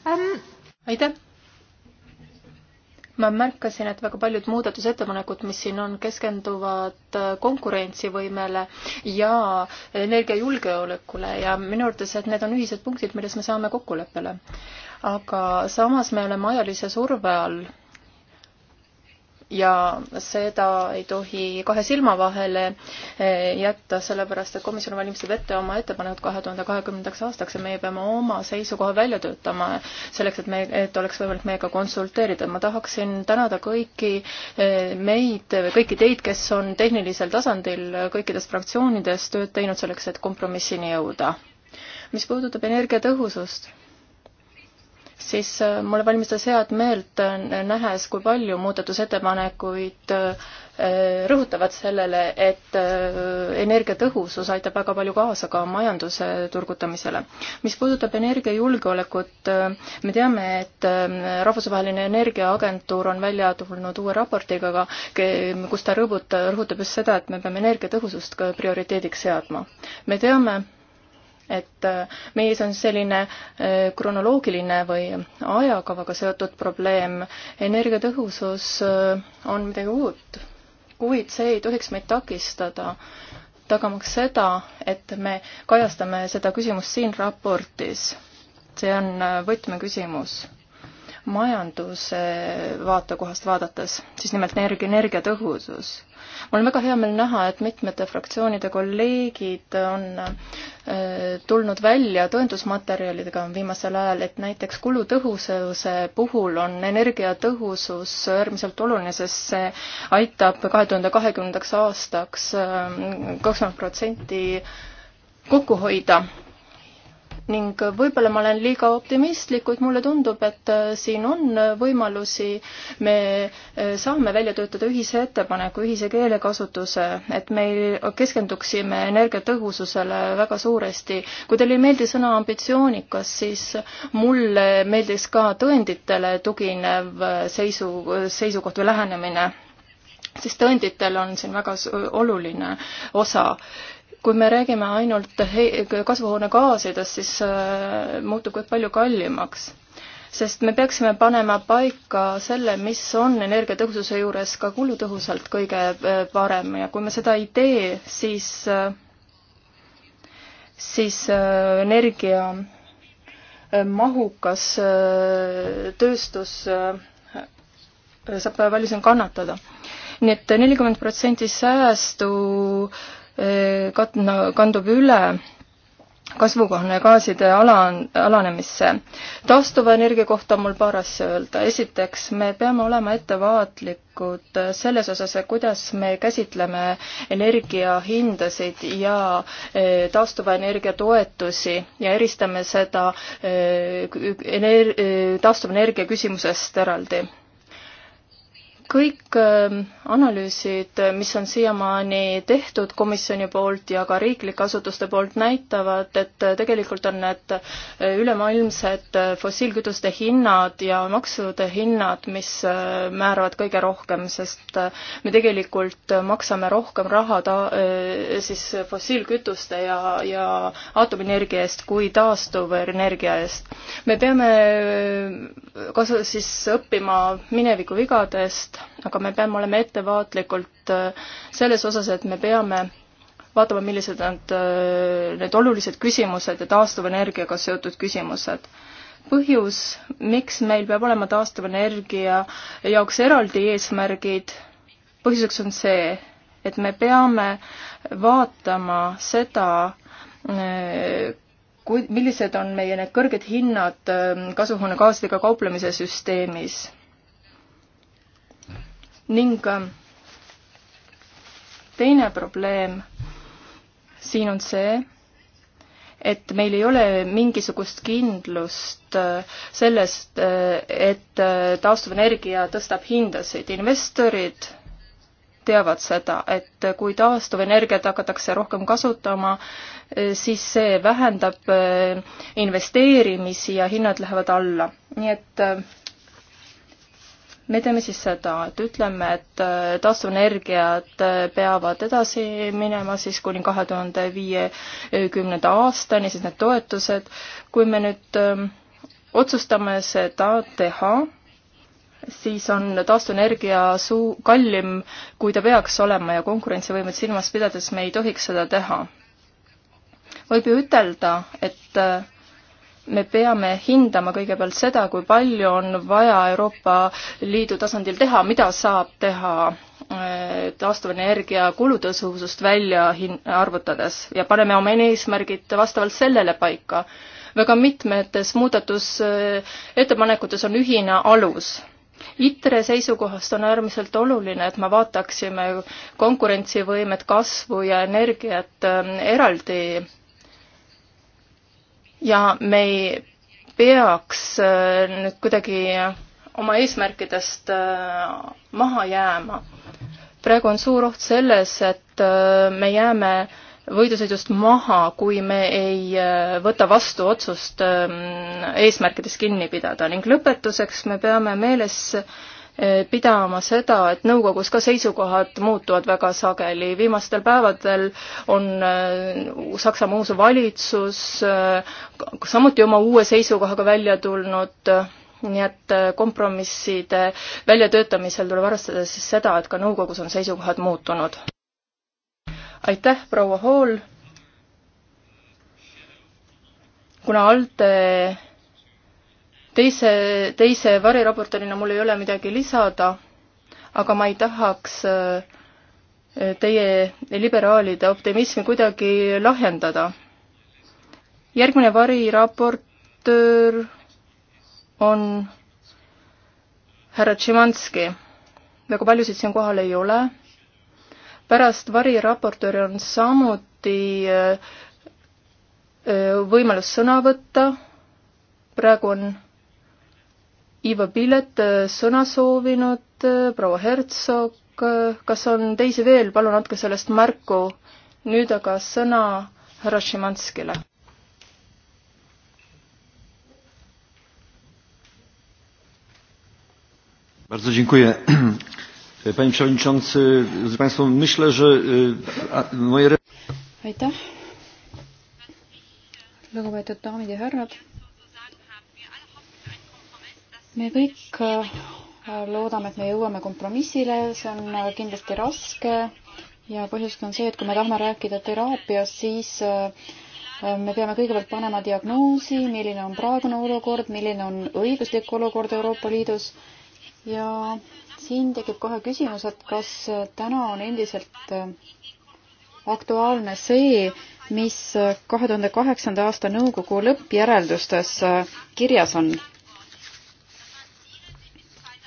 ähm.. aitäh! ma märkasin, et väga paljud muudatusettepanekud, mis siin on, keskenduvad äh, konkurentsivõimele ja energiajulgeolekule ja minu arvates, et need on ühised punktid, milles me saame kokkuleppele. aga samas me oleme ajalise surve all ja seda ei tohi kahe silma vahele eh, jätta, sellepärast et komisjon valmistab ette oma ettepanekud kahe tuhande kahekümnendaks aastaks ja meie peame oma seisukoha välja töötama selleks, et me, et oleks võimalik meiega konsulteerida. ma tahaksin tänada kõiki eh, meid, kõiki teid, kes on tehnilisel tasandil kõikides fraktsioonides tööd teinud selleks, et kompromissini jõuda. mis puudutab energiatõhusust siis äh, mulle valmistas head meelt, äh, nähes, kui palju muudatusettepanekuid äh, rõhutavad sellele, et energiatõhusus aitab väga palju kaasa ka majanduse turgutamisele. mis puudutab energiajulgeolekut, me teame, et Rahvusvaheline Energiaagentuur on välja tulnud uue raportiga, aga kus ta rõhutab, rõhutab just seda, et me peame energiatõhusust prioriteediks seadma. me teame, et äh, mees on selline äh, kronoloogiline või ajakavaga seotud probleem. energiatõhusus äh, on midagi uut, kuid see ei tohiks meid takistada tagamaks seda, et me kajastame seda küsimust siin raportis. see on võtmeküsimus majanduse vaatekohast vaadates, siis nimelt energia, energiatõhusus. mul on väga hea meel näha, et mitmete fraktsioonide kolleegid on äh, tulnud välja tõendusmaterjalidega viimasel ajal, et näiteks kulutõhususe puhul on energiatõhusus äärmiselt oluline, sest see aitab kahe tuhande kahekümnendaks aastaks äh, kakskümmend protsenti kokku hoida ning võib-olla ma olen liiga optimistlik, kuid mulle tundub, et äh, siin on võimalusi, me äh, saame välja töötada ühise ettepaneku, ühise keelekasutuse, et me keskenduksime energiatõhususele väga suuresti. kui teile ei meeldi sõna ambitsioonikas, siis mulle meeldiks ka tõenditele tuginev äh, seisu, seisukoht või lähenemine, sest tõenditel on siin väga oluline osa kui me räägime ainult kasvuhoonegaasidest, siis äh, muutub kõik palju kallimaks. sest me peaksime panema paika selle, mis on energiatõhususe juures ka kulutõhusalt kõige äh, parem ja kui me seda ei tee, siis, äh, siis energia mahukas tööstus saab palju siin kannatada nii et nelikümmend protsenti säästu katna, kandub üle kasvuhoonegaaside ala, alanemisse. taastuva energia kohta on mul paar asja öelda. esiteks, me peame olema ettevaatlikud selles osas, kuidas me käsitleme energiahindasid ja taastuva energia toetusi ja eristame seda ener-, taastuvenergia küsimusest eraldi kõik ähm, analüüsid, äh, mis on siiamaani tehtud komisjoni poolt ja ka riiklike asutuste poolt, näitavad, et äh, tegelikult on need äh, ülemaailmsed fossiilkütuste hinnad ja maksude hinnad, mis määravad kõige rohkem, sest me tegelikult maksame rohkem raha ta-, siis fossiilkütuste ja, ja aatomienergia eest kui taastuvenergia eest. me peame kasu-, siis õppima mineviku vigadest, eest, aga me peame olema ettevaatlikult äh, selles osas, et me peame vaatama, millised on äh, need olulised küsimused ja taastuvenergiaga seotud küsimused. põhjus, miks meil peab olema taastuvenergia jaoks eraldi eesmärgid, põhjuseks on see, et me peame vaatama seda, äh, kui, millised on meie need kõrged hinnad kasvuhoonegaasidega kauplemise süsteemis ning ähm, teine probleem siin on see, et meil ei ole mingisugust kindlust äh, sellest, äh, et äh, taastuvenergia tõstab hindasid. investorid teavad seda, et kui taastuvenergiat hakatakse rohkem kasutama, siis see vähendab investeerimisi ja hinnad lähevad alla. nii et me teeme siis seda, et ütleme, et äh, taastuvenergiad äh, peavad edasi minema siis kuni kahe tuhande viiekümnenda aastani, siis need toetused. kui me nüüd ähm, otsustame seda teha, siis on taastuvenergia suu-, kallim, kui ta peaks olema ja konkurentsivõimet silmas pidades me ei tohiks seda teha. võib ju ütelda, et äh, me peame hindama kõigepealt seda, kui palju on vaja Euroopa Liidu tasandil teha, mida saab teha äh, taastuvenergia kulutõhususest välja hin-, arvutades ja paneme oma eesmärgid vastavalt sellele paika. väga mitmetes muudatusettepanekutes on ühine alus ITRE seisukohast on äärmiselt oluline, et me vaataksime konkurentsivõimet, kasvu ja energiat äh, eraldi ja me ei peaks äh, nüüd kuidagi oma eesmärkidest äh, maha jääma. praegu on suur oht selles, et äh, me jääme võidusõidust maha, kui me ei võta vastu otsust ähm, eesmärkides kinni pidada ning lõpetuseks me peame meeles Eh, pidama seda, et nõukogus ka seisukohad muutuvad väga sageli. viimastel päevadel on eh, Saksamaa uus valitsus eh, samuti oma uue seisukohaga välja tulnud, nii et kompromisside väljatöötamisel tuleb arvestada siis seda, et ka nõukogus on seisukohad muutunud. aitäh, proua Hall! kuna ALDE teise, teise variraportorina mul ei ole midagi lisada, aga ma ei tahaks äh, teie liberaalide optimismi kuidagi lahjendada. järgmine variraportöör on härra Tšimanski. väga paljusid siin kohal ei ole. pärast variraportööri on samuti äh, äh, võimalus sõna võtta. praegu on Ivo Pilet äh, sõna soovinud, äh, proua Hertsog, äh, kas on teisi veel, palun andke sellest märku. nüüd aga sõna härra Šimanskile. Bardzo dziękuję. Panie Przewodniczący, z Państwem myślę, że moje... Aitäh. Lugupeetud daamid ja härrad me kõik äh, loodame, et me jõuame kompromissile, see on äh, kindlasti raske ja põhjust on see, et kui me tahame rääkida teraapiast, siis äh, me peame kõigepealt panema diagnoosi, milline on praegune olukord, milline on õiguslik olukord Euroopa Liidus ja siin tekib kohe küsimus, et kas täna on endiselt aktuaalne see, mis kahe tuhande kaheksanda aasta nõukogu lõppjäreldustes kirjas on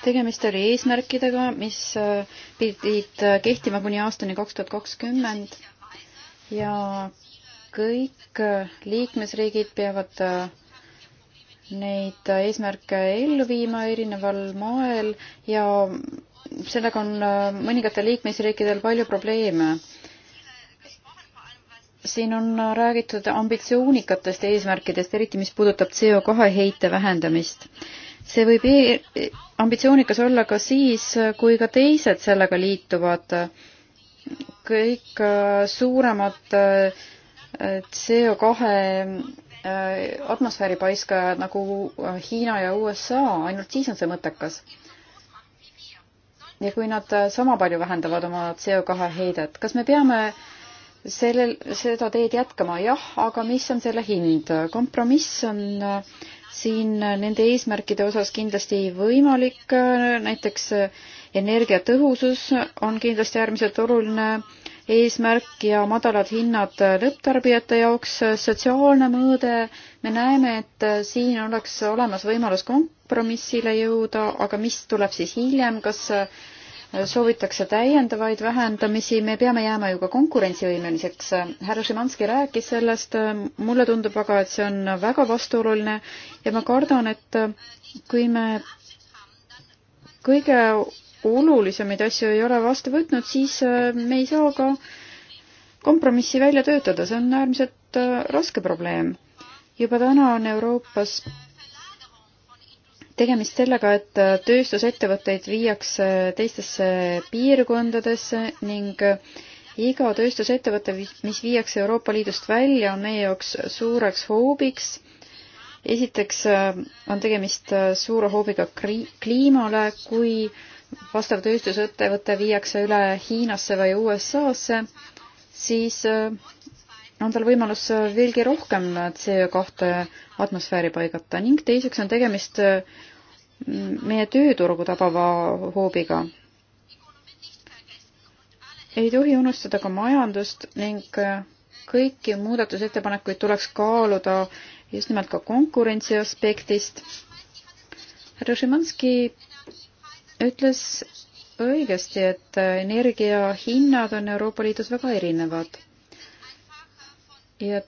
tegemist oli eesmärkidega, mis äh, pidid äh, kehtima kuni aastani kaks tuhat kakskümmend ja kõik äh, liikmesriigid peavad neid eesmärke ellu viima erineval moel ja sellega on mõningatel liikmesriikidel palju probleeme. siin on räägitud ambitsioonikatest eesmärkidest, eriti mis puudutab CO kahe heite vähendamist see võib e-, e ambitsioonikas olla ka siis, kui ka teised sellega liituvad. kõik äh, suuremad äh, CO kahe äh, atmosfääri paiskajad nagu Hiina ja USA, ainult siis on see mõttekas. ja kui nad sama palju vähendavad oma CO kahe heidet, kas me peame sellel, seda teed jätkama, jah, aga mis on selle hind? kompromiss on äh, siin nende eesmärkide osas kindlasti võimalik, näiteks energiatõhusus on kindlasti äärmiselt oluline eesmärk ja madalad hinnad lõpptarbijate jaoks, sotsiaalne mõõde, me näeme, et siin oleks olemas võimalus kompromissile jõuda, aga mis tuleb siis hiljem, kas soovitakse täiendavaid vähendamisi, me peame jääma ju ka konkurentsivõimeliseks. härra Šimanski rääkis sellest, mulle tundub aga, et see on väga vastuoluline ja ma kardan, et kui me kõige olulisemaid asju ei ole vastu võtnud, siis äh, me ei saa ka kompromissi välja töötada, see on äärmiselt äh, raske probleem. juba täna on Euroopas tegemist sellega, et tööstusettevõtteid viiakse teistesse piirkondadesse ning iga tööstusettevõte, mis viiakse Euroopa Liidust välja, on meie jaoks suureks hoobiks. esiteks äh, on tegemist äh, suure hoobiga kliimale, kui vastav tööstusettevõte viiakse üle Hiinasse või USA-sse, siis äh, on tal võimalus äh, veelgi rohkem äh, CO2 atmosfääri paigata ning teiseks on tegemist äh, meie tööturgu tabava hoobiga. ei tohi unustada ka majandust ning kõiki muudatusettepanekuid tuleks kaaluda just nimelt ka konkurentsi aspektist. härra Šimanski ütles õigesti, et energia hinnad on Euroopa Liidus väga erinevad ja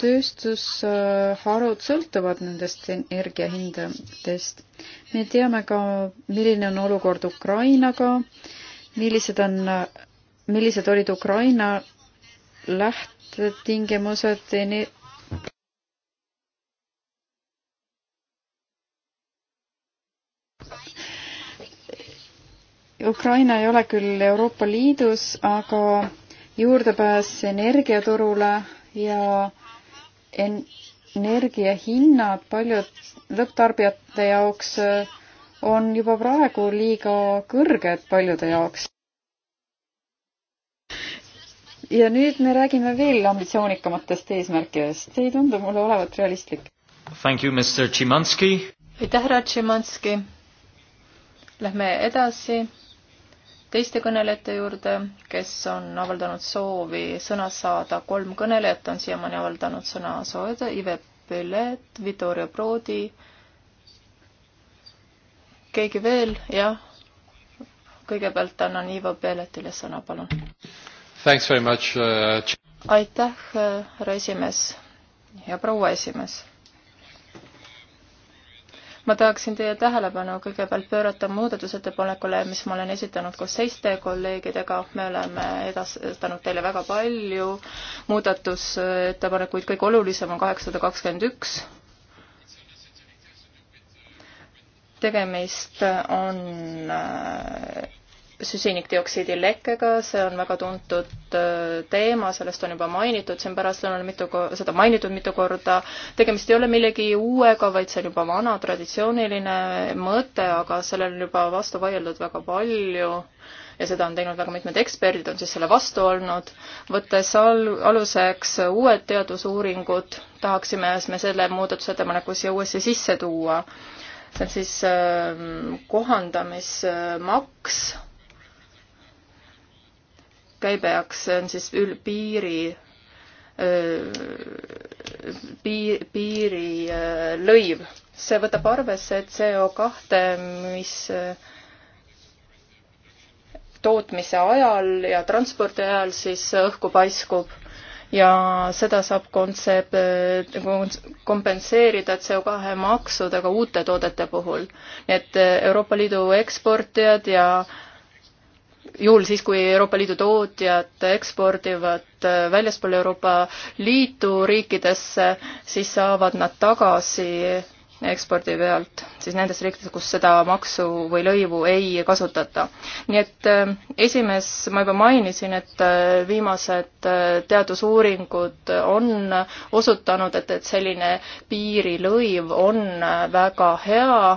tööstusharud sõltuvad nendest energiahindadest. me teame ka, milline on olukord Ukrainaga, millised on, millised olid Ukraina lähtetingimused ener-, Ukraina ei ole küll Euroopa Liidus, aga juurdepääs energiaturule ja en energiahinnad paljud lõpptarbijate jaoks äh, on juba praegu liiga kõrged paljude jaoks. ja nüüd me räägime veel ambitsioonikamatest eesmärkidest, see ei tundu mulle olevat realistlik. Thank you, Mr Tšimanski. aitäh, härra Tšimanski. Lähme edasi teiste kõnelejate juurde, kes on avaldanud soovi sõna saada. kolm kõnelejat on siiamaani avaldanud sõna saada. Ive Pellet, Vittorio Prodi. keegi veel? jah. kõigepealt annan Ivo Pelletile sõna, palun. Uh, aitäh, äh, härra esimees ja proua esimees ma tahaksin teie tähelepanu kõigepealt pöörata muudatusettepanekule, mis ma olen esitanud koos teiste kolleegidega. me oleme edastanud teile väga palju muudatusettepanekuid, kõige olulisem on kaheksasada kakskümmend üks. tegemist on äh, süsinikdioksiidi lekkega, see on väga tuntud äh, teema, sellest on juba mainitud siin pärastlõunal mitu, seda mainitud mitu korda. tegemist ei ole millegi uuega, vaid see on juba vana traditsiooniline mõte, aga sellele on juba vastu vaieldud väga palju ja seda on teinud väga mitmed eksperdid, on siis selle vastu olnud. võttes al-, aluseks uued teadusuuringud, tahaksime me selle muudatusettepaneku siia uuesti sisse tuua. see on siis äh, kohandamismaks äh, käibejaks, see on siis üle piiri piir, piirilõiv. see võtab arvesse CO kahte, mis tootmise ajal ja transpordi ajal siis õhku paiskub ja seda saab kontsep-, kompenseerida CO2 maksudega uute toodete puhul. nii et Euroopa Liidu eksportijad ja äh, juhul siis, kui Euroopa Liidu tootjad ekspordivad äh, väljaspool Euroopa Liitu riikidesse, siis saavad nad tagasi ekspordi pealt, siis nendes riikides, kus seda maksu või lõivu ei kasutata. nii et äh, esimees, ma juba mainisin, et äh, viimased teadusuuringud on osutanud, et, et selline piirilõiv on väga hea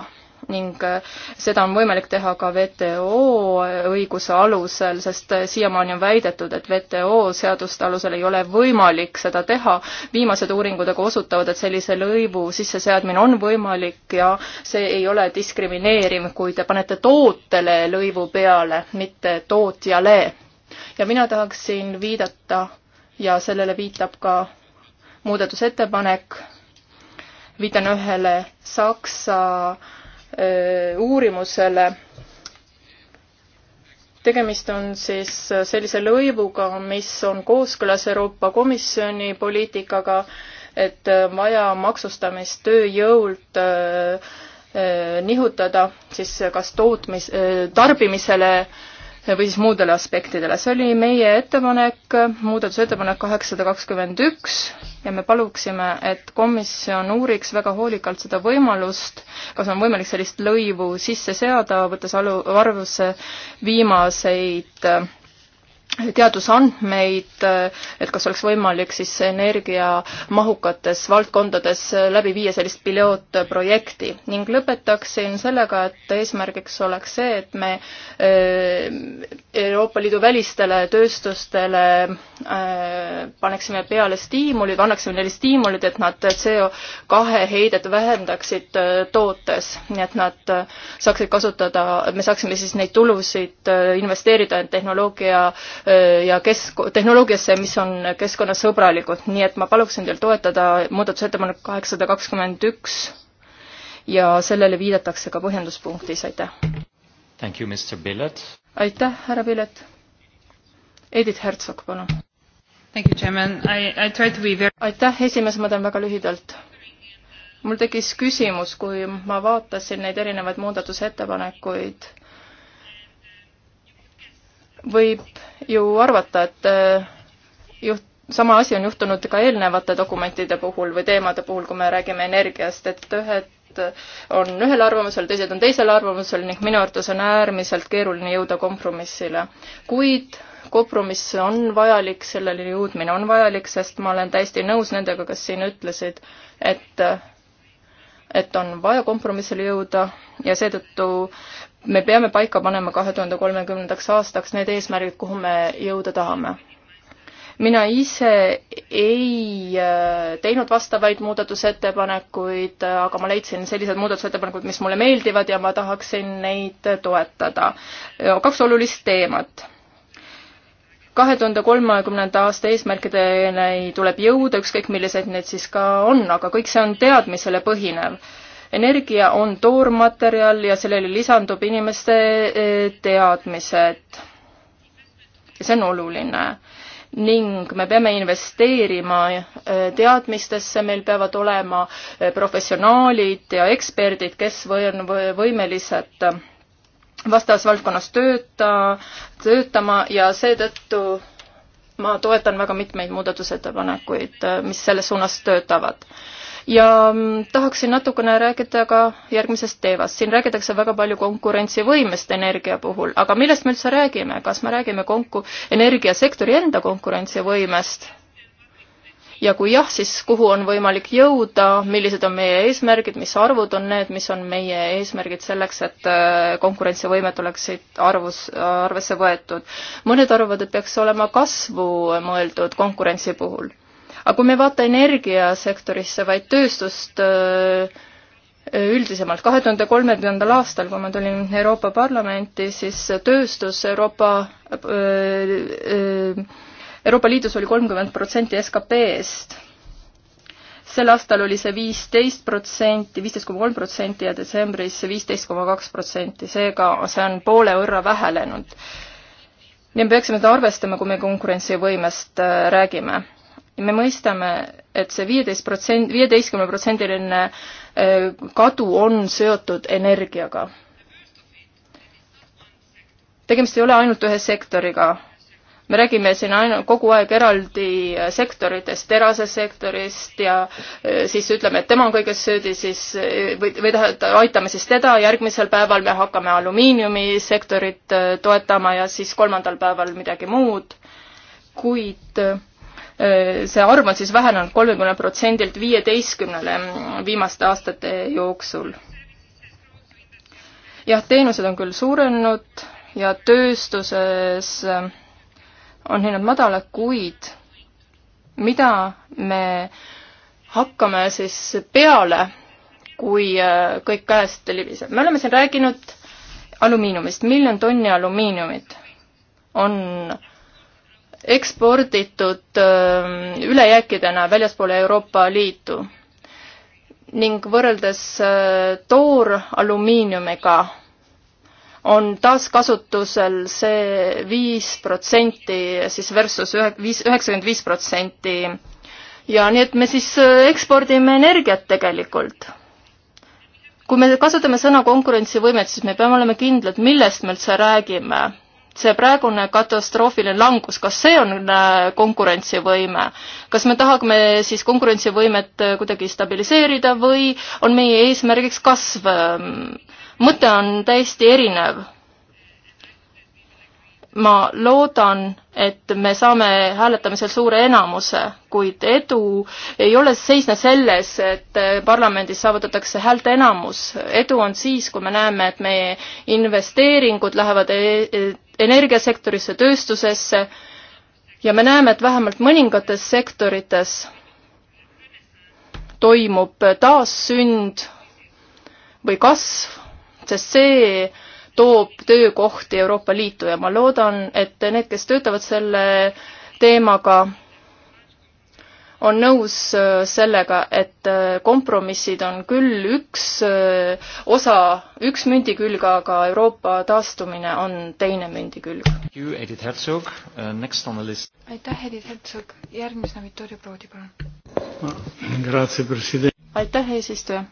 ning äh, seda on võimalik teha ka WTO õiguse alusel, sest äh, siiamaani on väidetud, et WTO seaduste alusel ei ole võimalik seda teha. viimased uuringud aga osutavad, et sellise lõivu sisseseadmine on võimalik ja see ei ole diskrimineeriv, kui te panete tootele lõivu peale, mitte tootjale. ja mina tahaksin viidata ja sellele viitab ka muudatusettepanek, viitan ühele Saksa Äh, uurimusele. tegemist on siis sellise lõivuga, mis on kooskõlas Euroopa Komisjoni poliitikaga, et äh, vaja maksustamist tööjõult äh, nihutada siis kas tootmis, tarbimisele äh, või siis muudele aspektidele. see oli meie ettepanek, muudatusettepanek kaheksasada kakskümmend üks ja me paluksime, et komisjon uuriks väga hoolikalt seda võimalust, kas on võimalik sellist lõivu sisse seada, võttes alu, arvesse viimaseid äh, teadusandmeid, et kas oleks võimalik siis energiamahukates valdkondades läbi viia sellist pilootprojekti ning lõpetaksin sellega, et eesmärgiks oleks see, et me eh, Euroopa Liidu välistele tööstustele eh, paneksime peale stiimulid, annaksime neile stiimulid, et nad CO kahe heidet vähendaksid eh, tootes, nii et nad saaksid kasutada, me saaksime siis neid tulusid investeerida tehnoloogia Äh, ja kes-, tehnoloogiasse, mis on keskkonnasõbralikud, nii et ma paluksin teil toetada muudatusettepanek kaheksasada kakskümmend üks ja sellele viidatakse ka põhjenduspunktis, aitäh. aitäh, härra Pillet. Edith Herzog, palun. Very... aitäh, esimees, ma teen väga lühidalt. mul tekkis küsimus, kui ma vaatasin neid erinevaid muudatusettepanekuid võib ju arvata, et eh, juht, sama asi on juhtunud ka eelnevate dokumentide puhul või teemade puhul, kui me räägime energiast, et ühed on ühel arvamusel, teised on teisel arvamusel ning minu arvates on äärmiselt keeruline jõuda kompromissile. kuid kompromiss on vajalik, sellele jõudmine on vajalik, sest ma olen täiesti nõus nendega, kes siin ütlesid, et et on vaja kompromissile jõuda ja seetõttu me peame paika panema kahe tuhande kolmekümnendaks aastaks need eesmärgid, kuhu me jõuda tahame. mina ise ei äh, teinud vastavaid muudatusettepanekuid, aga ma leidsin sellised muudatusettepanekud, mis mulle meeldivad ja ma tahaksin neid toetada. kaks olulist teemat kahe tuhande kolmekümnenda aasta eesmärkideni tuleb jõuda, ükskõik millised need siis ka on, aga kõik see on teadmisele põhinev energia on toormaterjal ja sellele lisandub inimeste e, teadmised. ja see on oluline ning me peame investeerima e, teadmistesse, meil peavad olema e, professionaalid ja eksperdid, kes või on võimelised vastavas valdkonnas tööta, töötama ja seetõttu ma toetan väga mitmeid muudatusettepanekuid, mis selles suunas töötavad ja mm, tahaksin natukene rääkida ka järgmisest teemast. siin räägitakse väga palju konkurentsivõimest energia puhul, aga millest me üldse räägime, kas me räägime konku-, energiasektori enda konkurentsivõimest? ja kui jah, siis kuhu on võimalik jõuda, millised on meie eesmärgid, mis arvud on need, mis on meie eesmärgid selleks, et äh, konkurentsivõimed oleksid arvus, arvesse võetud. mõned arvavad, et peaks olema kasvu mõeldud konkurentsi puhul aga kui me ei vaata energiasektorisse, vaid tööstust üldisemalt, kahe tuhande kolmekümnendal aastal, kui ma tulin Euroopa Parlamenti, siis tööstus Euroopa Euroopa Liidus oli kolmkümmend protsenti SKP-st sel aastal oli see viisteist protsenti, viisteist koma kolm protsenti ja detsembris viisteist koma kaks protsenti, seega see on poole võrra vähenenud. nii et me peaksime seda arvestama, kui me konkurentsivõimest räägime me mõistame, et see viieteist protsent, viieteistkümne protsendiline äh, kadu on seotud energiaga. tegemist ei ole ainult ühe sektoriga. me räägime siin ainu-, kogu aeg eraldi äh, sektoritest, terasesektorist ja äh, siis ütleme, et tema on kõiges süüdi, siis või, või tähendab, aitame siis teda, järgmisel päeval me hakkame alumiiniumisektorit toetama ja siis kolmandal päeval midagi muud, kuid see arv on siis vähenenud kolmekümne protsendilt viieteistkümnele viimaste aastate jooksul. jah, teenused on küll suurenenud ja tööstuses on hinnad madalad, kuid mida me hakkame siis peale, kui äh, kõik käest libiseb? me oleme siin rääkinud alumiiniumist, miljon tonni alumiiniumit on eksporditud ähm, ülejääkidena väljaspoole Euroopa Liitu ning võrreldes äh, tooralumiiniumiga on taaskasutusel see viis protsenti siis versus viis, üheksakümmend viis protsenti ja nii et me siis äh, ekspordime energiat tegelikult. kui me kasutame sõna konkurentsivõimet, siis me peame olema kindlad, millest me üldse räägime see praegune katastroofiline langus, kas see on äh, konkurentsivõime? kas me tahame siis konkurentsivõimet äh, kuidagi stabiliseerida või on meie eesmärgiks kasv? Ähm, mõte on täiesti erinev. ma loodan, et me saame hääletamisel suure enamuse, kuid edu ei ole, seisne selles, et äh, parlamendis saavutatakse häälteenamus. edu on siis, kui me näeme, et meie investeeringud lähevad e, e- energiasektorisse, tööstusesse ja me näeme, et vähemalt mõningates sektorites toimub taassünd või kasv, sest see toob töökohti Euroopa Liitu ja ma loodan, et need, kes töötavad selle teemaga, on nõus äh, sellega, et äh, kompromissid on küll üks äh, osa, üks mündi külg, aga Euroopa taastumine on teine mündi külg. Uh, aitäh, Edith Herzog, järgmisena Victoria Prodi, palun. aitäh, eesistuja.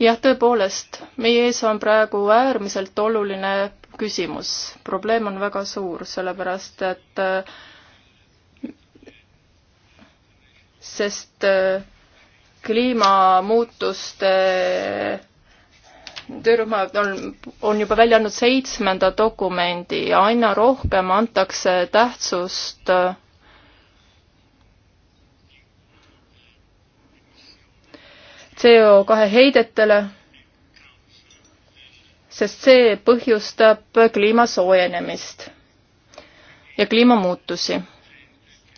jah, tõepoolest, meie ees on praegu äärmiselt oluline küsimus. probleem on väga suur, sellepärast et sest kliimamuutuste töörühma on, on juba välja andnud seitsmenda dokumendi ja aina rohkem antakse tähtsust CO kahe heidetele sest see põhjustab kliima soojenemist ja kliimamuutusi.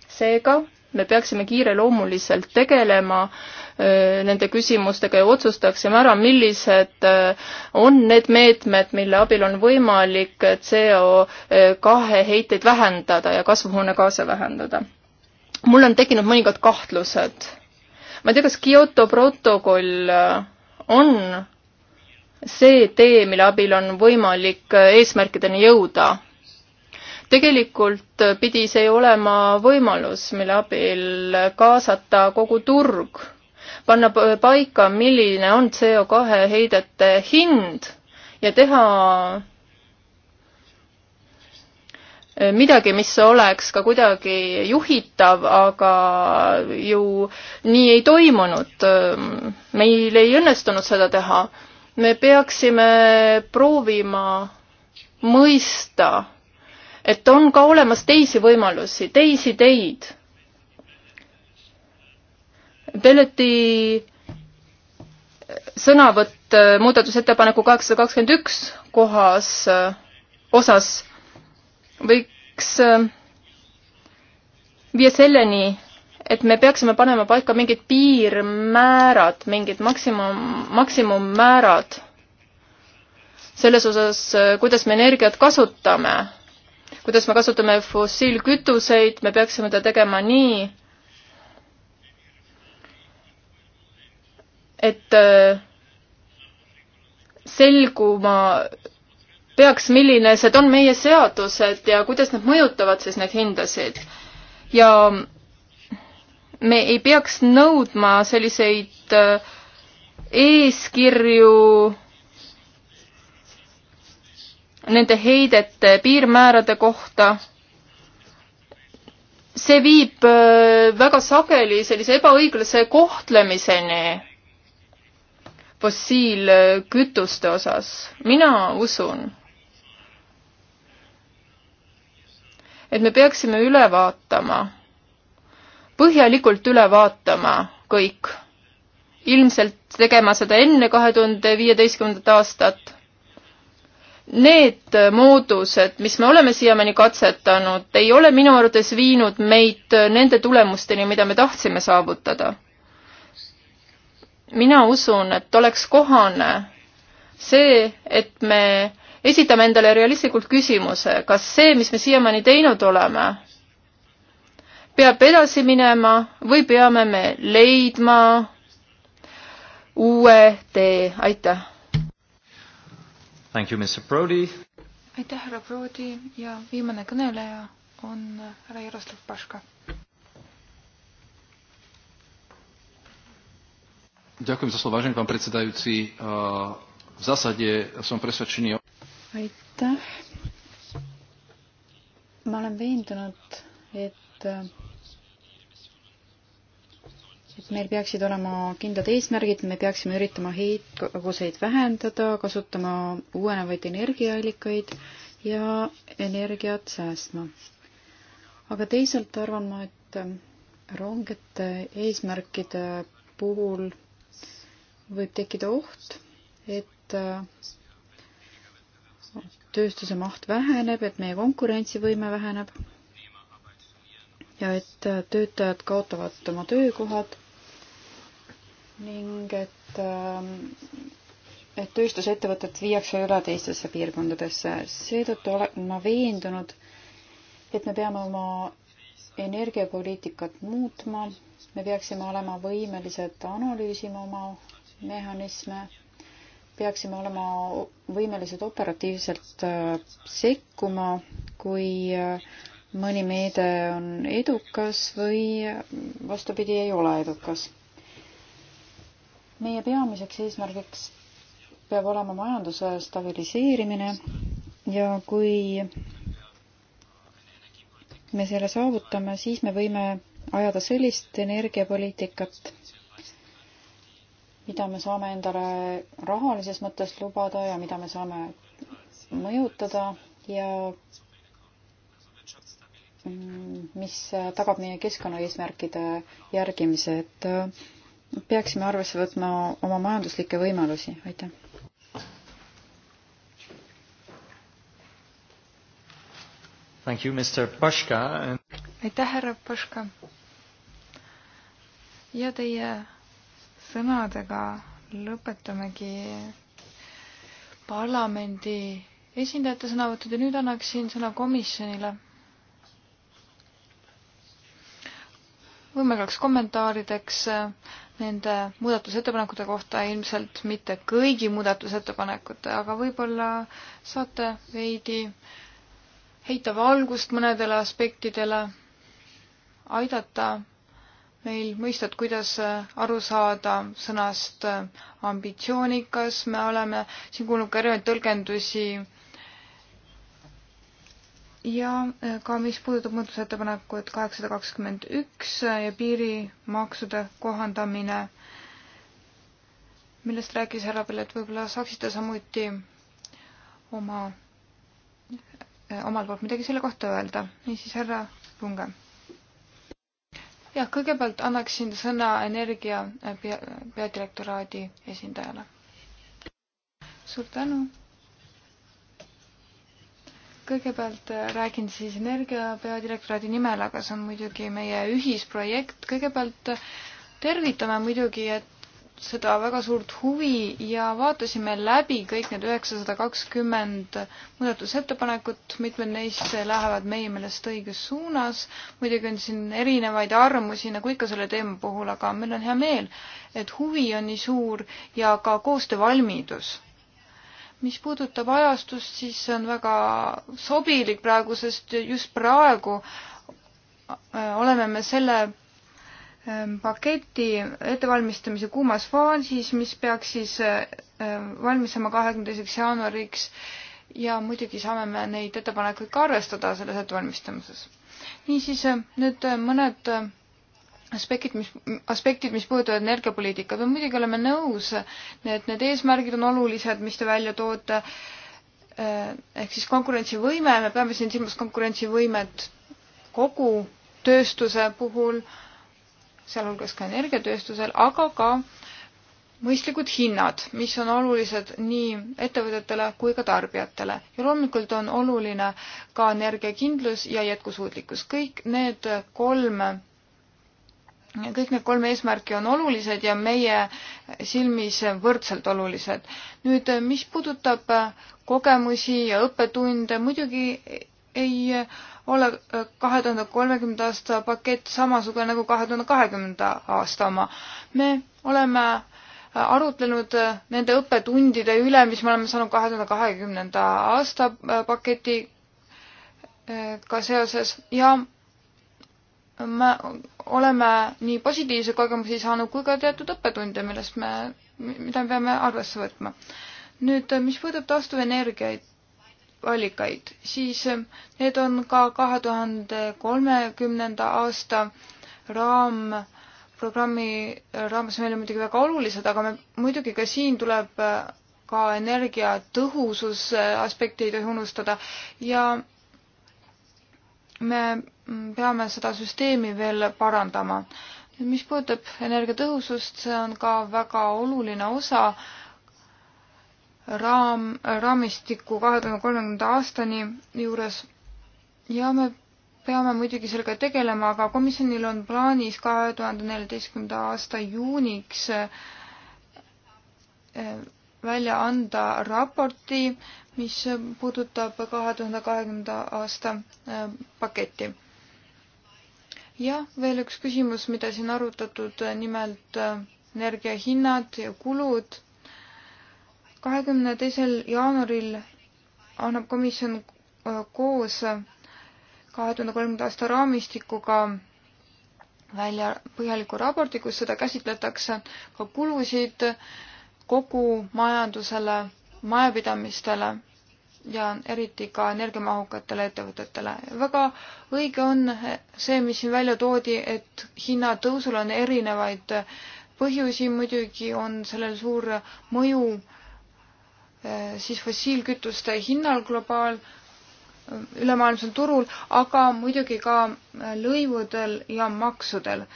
seega me peaksime kiireloomuliselt tegelema äh, nende küsimustega ja otsustaksime ära, millised äh, on need meetmed, mille abil on võimalik CO kahe heiteid vähendada ja kasvuhoonegaase vähendada. mul on tekkinud mõningad kahtlused. ma ei tea, kas Kyoto protokoll äh, on see tee, mille abil on võimalik eesmärkideni jõuda. tegelikult pidi see olema võimalus, mille abil kaasata kogu turg, panna paika, milline on CO kahe heidete hind ja teha e, midagi, mis oleks ka kuidagi juhitav, aga ju nii ei toimunud. E, meil ei õnnestunud seda teha me peaksime proovima mõista, et on ka olemas teisi võimalusi, teisi teid. Belleti sõnavõtt äh, muudatusettepaneku kaheksasada kakskümmend üks kohas, äh, osas võiks äh, viia selleni, et me peaksime panema paika mingid piirmäärad, mingid maksimum, maksimummäärad selles osas, kuidas me energiat kasutame, kuidas me kasutame fossiilkütuseid, me peaksime seda tegema nii, et äh, selguma peaks, milline see on meie seadused ja kuidas need mõjutavad siis neid hindasid. ja me ei peaks nõudma selliseid äh, eeskirju nende heidete piirmäärade kohta. see viib äh, väga sageli sellise ebaõiglase kohtlemiseni fossiilkütuste osas. mina usun, et me peaksime üle vaatama põhjalikult üle vaatama kõik, ilmselt tegema seda enne kahe tuhande viieteistkümnendat aastat. Need moodused, mis me oleme siiamaani katsetanud, ei ole minu arvates viinud meid nende tulemusteni, mida me tahtsime saavutada. mina usun, et oleks kohane see, et me esitame endale realistlikult küsimuse, kas see, mis me siiamaani teinud oleme, peab edasi minema või peame me leidma uue tee, aitäh. aitäh, härra Brody ja viimane kõneleja on härra Jaroslav Paška. Ďakujem za slovo, vážený pán predsedajúci. V zásade som presvedčený o... Aitäh. Ma olen veendunud, et et meil peaksid olema kindlad eesmärgid, me peaksime üritama heitkoguseid vähendada, kasutama uuenevaid energiaallikaid ja energiat säästma. aga teisalt arvan ma, et äh, rangete eesmärkide puhul võib tekkida oht, et äh, tööstuse maht väheneb, et meie konkurentsivõime väheneb ja et äh, töötajad kaotavad oma töökohad ning et, ähm, et tööstusettevõtted viiakse üle teistesse piirkondadesse. seetõttu olen ma veendunud, et me peame oma energiapoliitikat muutma, me peaksime olema võimelised analüüsima oma mehhanisme, peaksime olema võimelised operatiivselt äh, sekkuma, kui äh, mõni meede on edukas või äh, vastupidi, ei ole edukas meie peamiseks eesmärgiks peab olema majanduse stabiliseerimine ja kui me selle saavutame, siis me võime ajada sellist energiapoliitikat, mida me saame endale rahalises mõttes lubada ja mida me saame mõjutada ja mm, mis tagab meie keskkonnaeesmärkide järgimise, et peaksime arvesse võtma oma majanduslikke võimalusi, aitäh. Thank you, Mr Paška and.... aitäh, härra Paška. ja teie sõnadega lõpetamegi parlamendi esindajate sõnavõtud ja nüüd annaksin sõna komisjonile võimalikeks kommentaarideks äh, nende muudatusettepanekute kohta, ilmselt mitte kõigi muudatusettepanekute, aga võib-olla saate veidi heita valgust mõnedele aspektidele, aidata meil mõista, et kuidas äh, aru saada sõnast äh, ambitsioonikas, me oleme siin kuulnud ka erinevaid tõlgendusi ja äh, ka, mis puudutab muudatusettepanekut kaheksasada kakskümmend üks äh, ja piirimaksude kohandamine, millest rääkis härra Pelle, et võib-olla saaksite samuti oma, äh, omalt poolt midagi selle kohta öelda. niisiis, härra Lunge. jah, kõigepealt annaksin sõna energia pea, peadirektoraadi esindajale. suur tänu kõigepealt äh, räägin siis Energia peadirektoraadi nimel, aga see on muidugi meie ühisprojekt. kõigepealt äh, tervitame muidugi, et seda väga suurt huvi ja vaatasime läbi kõik need üheksasada kakskümmend muudatusettepanekut, mitmed neist lähevad meie meelest õiges suunas. muidugi on siin erinevaid arvamusi, nagu ikka selle teema puhul, aga meil on hea meel, et huvi on nii suur ja ka koostöövalmidus mis puudutab ajastust, siis see on väga sobilik praegu, sest just praegu äh, oleme me selle ähm, paketi ettevalmistamise kuumas faasis, mis peaks siis äh, äh, valmis saama kahekümne teiseks jaanuariks ja muidugi saame me neid ettepanekuid ka arvestada selles ettevalmistamises. niisiis nüüd mõned aspektid, mis, aspektid, mis puudutavad energiapoliitikat, me muidugi oleme nõus, et need eesmärgid on olulised, mis te välja toote, ehk siis konkurentsivõime, me peame siin silmas konkurentsivõimet kogu tööstuse puhul, sealhulgas ka energiatööstusel, aga ka mõistlikud hinnad, mis on olulised nii ettevõtetele kui ka tarbijatele. ja loomulikult on oluline ka energiakindlus ja jätkusuutlikkus. kõik need kolm kõik need kolm eesmärki on olulised ja meie silmis võrdselt olulised. nüüd, mis puudutab kogemusi ja õppetunde, muidugi ei ole kahe tuhande kolmekümnenda aasta pakett samasugune nagu kahe tuhande kahekümnenda aasta oma. me oleme arutlenud nende õppetundide üle, mis me oleme saanud kahe tuhande kahekümnenda aasta paketiga eh, seoses ja me oleme nii positiivseid kogemusi saanud kui ka teatud õppetunde, millest me, mida me peame arvesse võtma. nüüd, mis puudutab taastuvenergiaid, allikaid, siis need on ka kahe tuhande kolmekümnenda aasta raamprogrammi raames meile muidugi väga olulised, aga me muidugi ka siin tuleb ka energiatõhususe aspekti ei tohi unustada ja me Mm, peame seda süsteemi veel parandama. mis puudutab energiatõhusust, see on ka väga oluline osa raam, raamistiku kahe tuhande kolmekümnenda aastani juures ja me peame muidugi sellega tegelema, aga komisjonil on plaanis kahe tuhande neljateistkümnenda aasta juuniks eh, välja anda raporti, mis puudutab kahe tuhande kahekümnenda aasta eh, paketti ja veel üks küsimus, mida siin arutatud, eh, nimelt eh, energiahinnad ja kulud. kahekümne teisel jaanuaril annab komisjon eh, koos kahe tuhande kolmanda aasta raamistikuga välja põhjaliku raporti, kus seda käsitletakse, ka kulusid kogu majandusele, majapidamistele ja eriti ka energiamahukatele ettevõtetele. väga õige on see, mis siin välja toodi, et hinnatõusul on erinevaid põhjusi, muidugi on sellel suur mõju eh, siis fossiilkütuste hinnal globaal, ülemaailmsel turul, aga muidugi ka lõivudel ja maksudel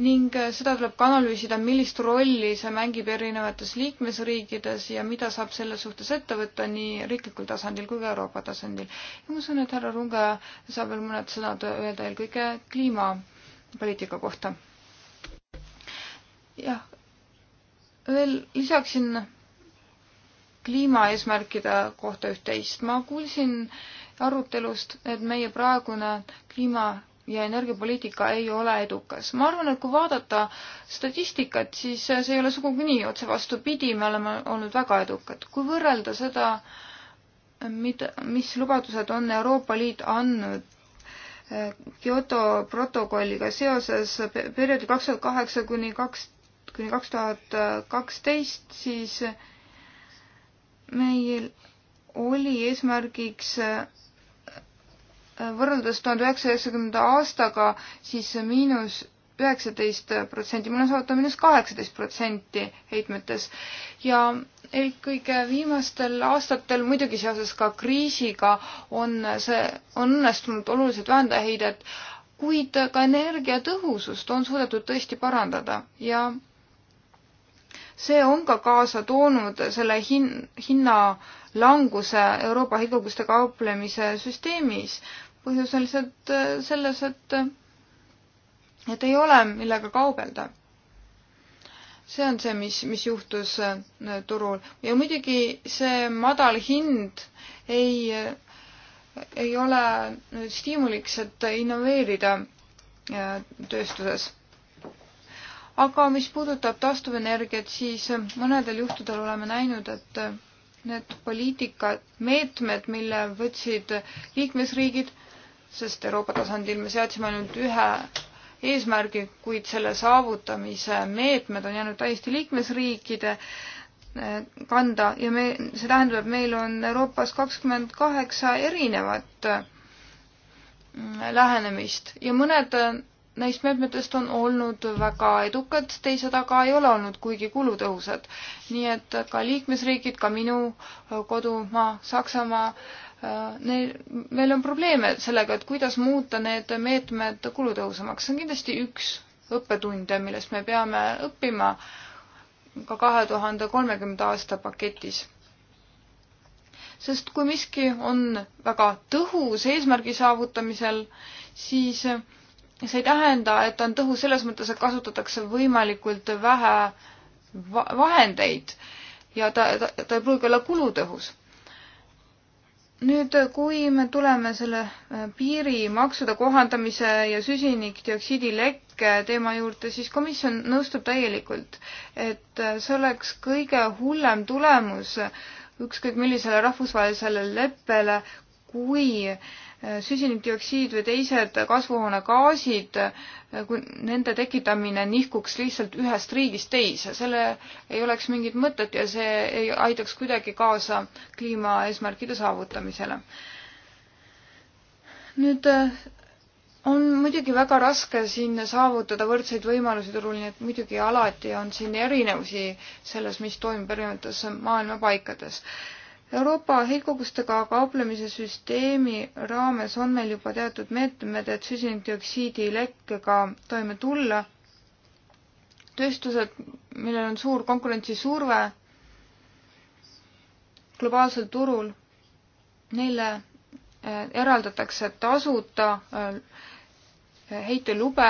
ning äh, seda tuleb ka analüüsida, millist rolli see mängib erinevates liikmesriikides ja mida saab selles suhtes ette võtta nii riiklikul tasandil kui ka Euroopa tasandil. ja ma usun, et härra Runge saab veel mõned sõnad öelda eelkõige kliimapoliitika kohta. jah, veel lisaksin kliimaeesmärkide kohta üht-teist. ma kuulsin arutelust, et meie praegune kliima ja energiapoliitika ei ole edukas. ma arvan, et kui vaadata statistikat, siis see ei ole sugugi nii, otse vastupidi, me oleme olnud väga edukad. kui võrrelda seda, mida, mis lubadused on Euroopa Liit andnud eh, Kyoto protokolliga seoses perioodi kaks tuhat kaheksa kuni kaks, kuni kaks tuhat kaksteist, siis meil oli eesmärgiks võrreldes tuhande üheksasaja üheksakümnenda aastaga siis miinus üheksateist protsenti, mõnes vaata miinus kaheksateist protsenti heitmetes. ja eelkõige viimastel aastatel, muidugi seoses ka kriisiga, on see, on õnnestunud oluliselt vähendada heidet, kuid ka energiatõhusust on suudetud tõesti parandada ja see on ka kaasa toonud selle hin-, hinna languse Euroopa heidukoguste kauplemise süsteemis põhjus on lihtsalt äh, selles, et, äh, et ei ole, millega kaubelda. see on see, mis, mis juhtus äh, turul ja muidugi see madal hind ei, ei ole stiimuliks, et innoveerida tööstuses. aga mis puudutab taastuvenergiat, siis mõnedel juhtudel oleme näinud, et need poliitikad, meetmed, mille võtsid liikmesriigid, sest Euroopa tasandil me seadsime ainult ühe eesmärgi, kuid selle saavutamise meetmed on jäänud täiesti liikmesriikide eh, kanda ja me, see tähendab, et meil on Euroopas kakskümmend kaheksa erinevat mm, lähenemist ja mõned neist meetmetest on olnud väga edukad, teised aga ei ole olnud kuigi kulutõhusad. nii et ka liikmesriigid, ka minu kodumaa Saksamaa Äh, neil, meil on probleeme sellega, et kuidas muuta need meetmed kulutõhusamaks. see on kindlasti üks õppetunde, millest me peame õppima ka kahe tuhande kolmekümnenda aasta paketis. sest kui miski on väga tõhus eesmärgi saavutamisel, siis see ei tähenda, et ta on tõhus selles mõttes, et kasutatakse võimalikult vähe vahendeid ja ta, ta, ta ei pruugi olla kulutõhus nüüd, kui me tuleme selle äh, piiri maksude kohandamise ja süsinikdioksiidi lekke teema juurde, siis komisjon nõustub täielikult, et äh, see oleks kõige hullem tulemus ükskõik millisele rahvusvahelisele leppele, kui äh, süsinikdioksiid või teised kasvuhoonegaasid, kui nende tekitamine nihkuks lihtsalt ühest riigist teise, selle ei oleks mingit mõtet ja see ei aitaks kuidagi kaasa kliimaeesmärkide saavutamisele. nüüd äh, on muidugi väga raske siin saavutada võrdseid võimalusi turul, nii et muidugi alati on siin erinevusi selles, mis toimub erinevates maailma paikades Euroopa heitkogustega kauplemise süsteemi raames on meil juba teatud meetmed, et süsinikdioksiidi lekkega toime tulla. tööstused, millel on suur konkurentsisurve globaalsel turul, neile eh, eraldatakse tasuta äh, heitelube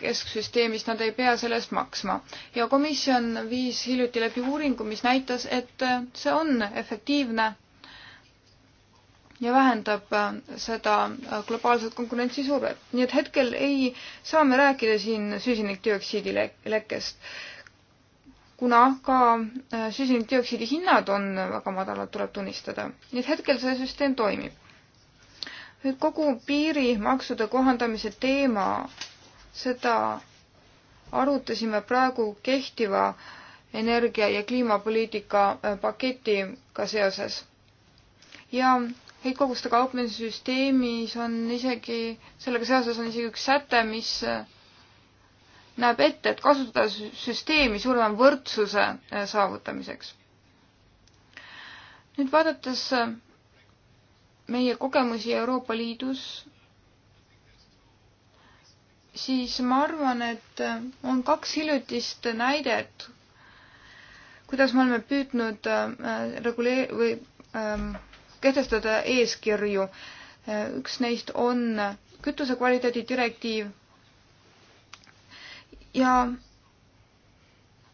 kesksüsteemist, nad ei pea selle eest maksma. ja komisjon viis hiljuti läbi uuringu, mis näitas, et see on efektiivne ja vähendab seda globaalset konkurentsisurvet. nii et hetkel ei saa me rääkida siin süsinikdioksiidi lekkest, kuna ka äh, süsinikdioksiidi hinnad on väga madalad, tuleb tunnistada. nii et hetkel see süsteem toimib nüüd kogu piirimaksude kohandamise teema, seda arutasime praegu kehtiva energia- ja kliimapoliitika äh, paketiga seoses. ja heitkoguste kauplemise süsteemis on isegi, sellega seoses on isegi üks säte, mis äh, näeb ette, et kasutada süsteemi suurema võrdsuse äh, saavutamiseks. nüüd vaadates meie kogemusi Euroopa Liidus, siis ma arvan, et on kaks hiljutist näidet, kuidas me oleme püüdnud äh, regulee- või ähm, kehtestada eeskirju. Äh, üks neist on kütuse kvaliteedi direktiiv ja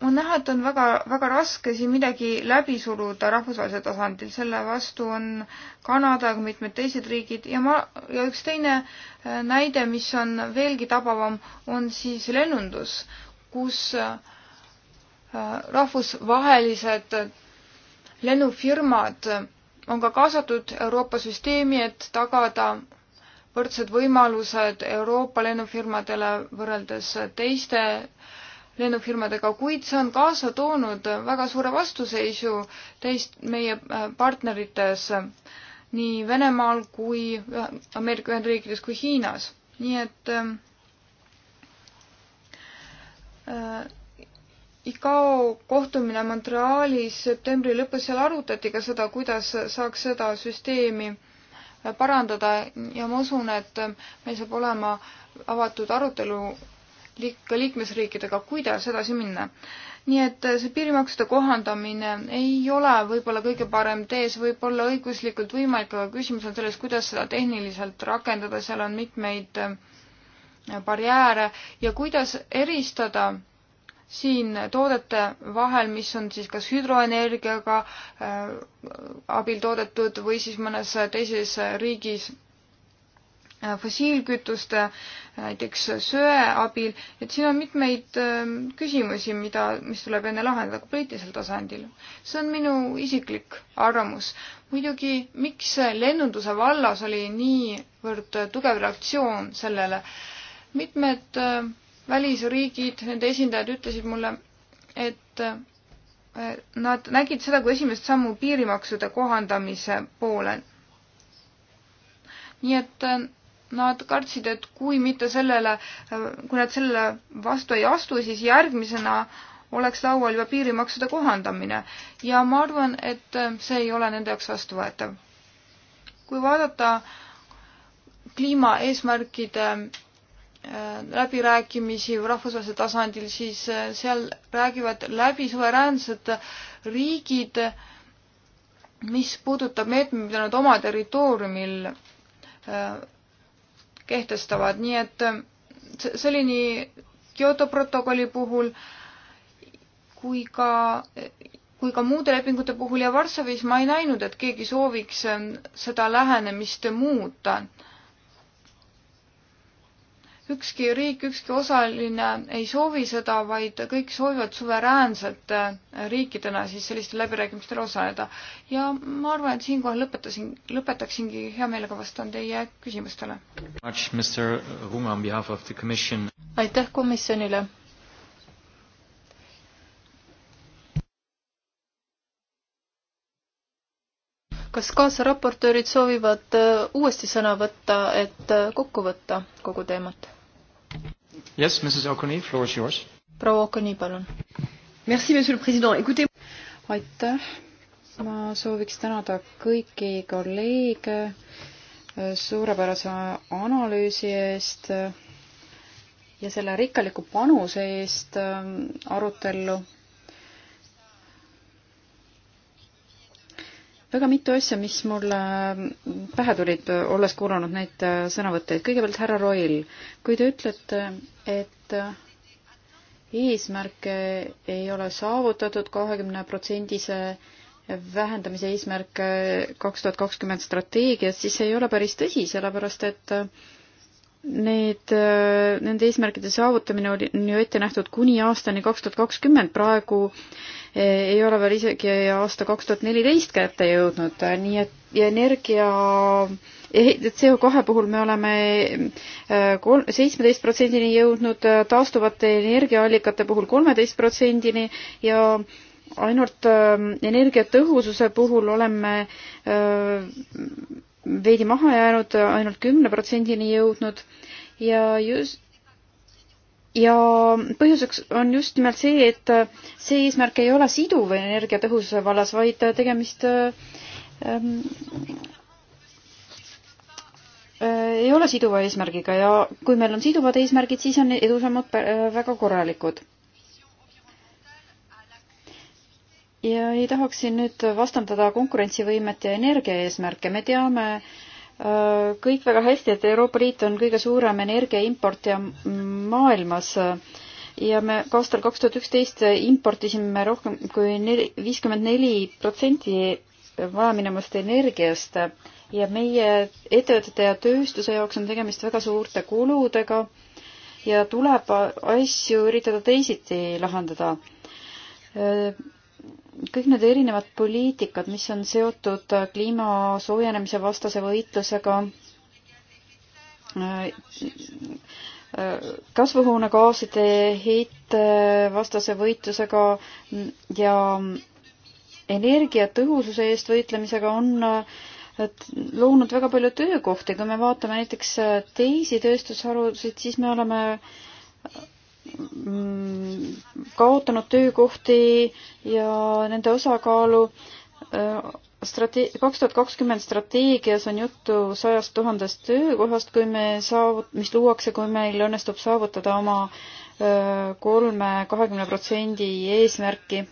on näha, et on väga, väga raske siin midagi läbi suruda rahvusvahelisel tasandil, selle vastu on Kanada, aga mitmed teised riigid ja ma, ja üks teine äh, näide, mis on veelgi tabavam, on siis lennundus, kus äh, rahvusvahelised lennufirmad on ka kaasatud Euroopa süsteemi, et tagada võrdsed võimalused Euroopa lennufirmadele võrreldes teiste lennufirmadega, kuid see on kaasa toonud väga suure vastuseisu teist meie äh, partnerites nii Venemaal kui Ameerika Ühendriikides kui Hiinas. nii et äh, äh ICAO kohtumine Montrealis septembri lõpus, seal arutati ka seda, kuidas saaks seda süsteemi äh, parandada ja ma usun, et meil saab olema avatud arutelu liik-, ka liikmesriikidega, kuidas edasi minna. nii et äh, see piirimaksude kohandamine ei ole võib-olla kõige parem tee, see võib olla õiguslikult võimalik, aga küsimus on selles, kuidas seda tehniliselt rakendada, seal on mitmeid äh, barjääre ja kuidas eristada siin toodete vahel, mis on siis kas hüdroenergiaga äh, abil toodetud või siis mõnes teises riigis äh, fossiilkütuste näiteks söe abil, et siin on mitmeid ähm, küsimusi, mida, mis tuleb enne lahendada ka poliitilisel tasandil. see on minu isiklik arvamus. muidugi, miks lennunduse vallas oli niivõrd tugev reaktsioon sellele? mitmed ähm, välisriigid, nende esindajad ütlesid mulle, et äh, nad nägid seda kui esimest sammu piirimaksude kohandamise poole. nii et äh, Nad kartsid, et kui mitte sellele, kui nad sellele vastu ei astu, siis järgmisena oleks laual juba piirimaksude kohandamine ja ma arvan, et see ei ole nende jaoks vastuvõetav. kui vaadata kliimaeesmärkide äh, läbirääkimisi rahvusvahelisel tasandil, siis äh, seal räägivad läbi suveräänsed riigid, mis puudutab meetmeid, mida nad oma territooriumil äh, kehtestavad, nii et ähm, see oli nii Kyoto protokolli puhul kui ka, kui ka muude lepingute puhul ja Varssavis ma ei näinud, et keegi sooviks ähm, seda lähenemist muuta ükski riik, ükski osaline ei soovi seda, vaid kõik soovivad suveräänsete äh, riikidena siis sellistel läbirääkimistel osaleda. ja ma arvan, et siinkohal lõpetasin, lõpetaksingi, hea meelega vastan teie küsimustele. aitäh komisjonile. kas kaasraportöörid soovivad äh, uuesti sõna võtta, et äh, kokku võtta kogu teemat? Yes, Mrs Okuni, floor is yours. proua Okuni, palun. Merci, monsieur le president, écoutez. aitäh, ma sooviks tänada kõiki kolleege äh, suurepärase analüüsi eest äh, ja selle rikkaliku panuse eest äh, arutellu väga mitu asja, mis mulle pähe tulid, olles kuulanud neid äh, sõnavõtteid. kõigepealt härra Roil, kui te ütlete, et äh, eesmärke ei ole saavutatud, kahekümne protsendise vähendamise eesmärk äh, kaks tuhat kakskümmend strateegias, siis see ei ole päris tõsi, sellepärast et äh, Need, äh, nende eesmärkide saavutamine oli ju ette nähtud kuni aastani kaks tuhat kakskümmend, praegu äh, ei ole veel isegi aasta kaks tuhat neliteist kätte jõudnud, äh, nii et ja energia eh, CO kahe puhul me oleme seitsmeteist protsendini jõudnud, taastuvate energiaallikate puhul kolmeteist protsendini ja ainult energiatõhususe puhul oleme veidi maha jäänud ainult, ainult kümne protsendini jõudnud ja just ja põhjuseks on just nimelt see, et see eesmärk ei ole siduv energiatõhususe vallas, vaid tegemist ähm, äh, ei ole siduva eesmärgiga ja kui meil on siduvad eesmärgid, siis on edusammud äh, väga korralikud ja ei tahaks siin nüüd vastandada konkurentsivõimet ja energiaeesmärke, me teame äh, kõik väga hästi, et Euroopa Liit on kõige suurem energiaimportija maailmas ja me ka aastal kaks tuhat üksteist importisime rohkem kui neli, viiskümmend neli protsenti vajaminevast energiast ja meie ettevõtete ja tööstuse jaoks on tegemist väga suurte kuludega ja tuleb asju üritada teisiti lahendada äh, kõik need erinevad poliitikad, mis on seotud kliima soojenemise vastase võitlusega, kasvuhoonegaaside heite vastase võitlusega ja energiatõhususe eest võitlemisega on loonud väga palju töökohti. kui me vaatame näiteks teisi tööstusharusid, siis me oleme Mm, kaotanud töökohti ja nende osakaalu äh, strate-, kaks tuhat kakskümmend strateegias on juttu sajast tuhandest töökohast, kui me saavut-, mis luuakse, kui meil õnnestub saavutada oma äh, kolme kahekümne protsendi eesmärki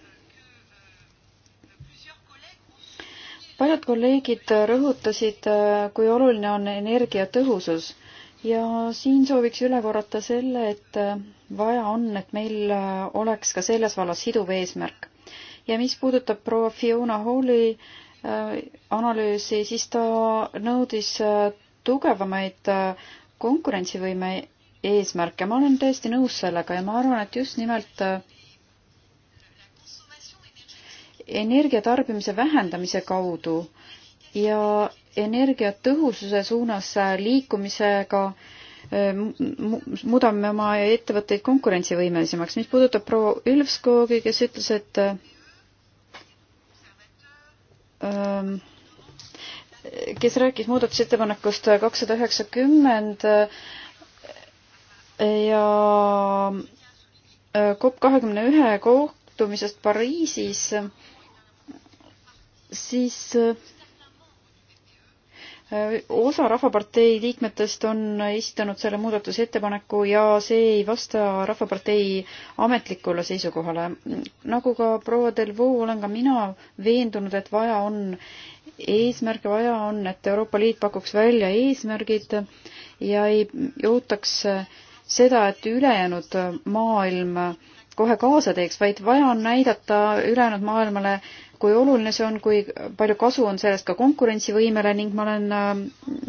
paljud kolleegid rõhutasid, äh, kui oluline on energiatõhusus ja siin sooviks üle korrata selle, et vaja on, et meil oleks ka selles vallas siduv eesmärk. ja mis puudutab proua Fiona Halli äh, analüüsi, siis ta nõudis äh, tugevamaid äh, konkurentsivõime eesmärke, ma olen täiesti nõus sellega ja ma arvan, et just nimelt energia tarbimise vähendamise kaudu ja energiatõhususe suunas liikumisega äh, muudame oma ettevõtteid konkurentsivõimelisemaks. mis puudutab proua Ülvskoogi, kes ütles, et ähm, kes rääkis muudatusettepanekust kakssada üheksakümmend äh, ja äh, COP kahekümne ühe kohtumisest Pariisis, siis osa Rahvapartei liikmetest on esitanud selle muudatusettepaneku ja see ei vasta Rahvapartei ametlikule seisukohale. nagu ka proua Delvaux, olen ka mina veendunud, et vaja on eesmärke, vaja on, et Euroopa Liit pakuks välja eesmärgid ja ei ootaks seda, et ülejäänud maailm kohe kaasa teeks, vaid vaja on näidata ülejäänud maailmale äh, kui oluline see on, kui palju kasu on sellest ka konkurentsivõimele ning ma olen äh,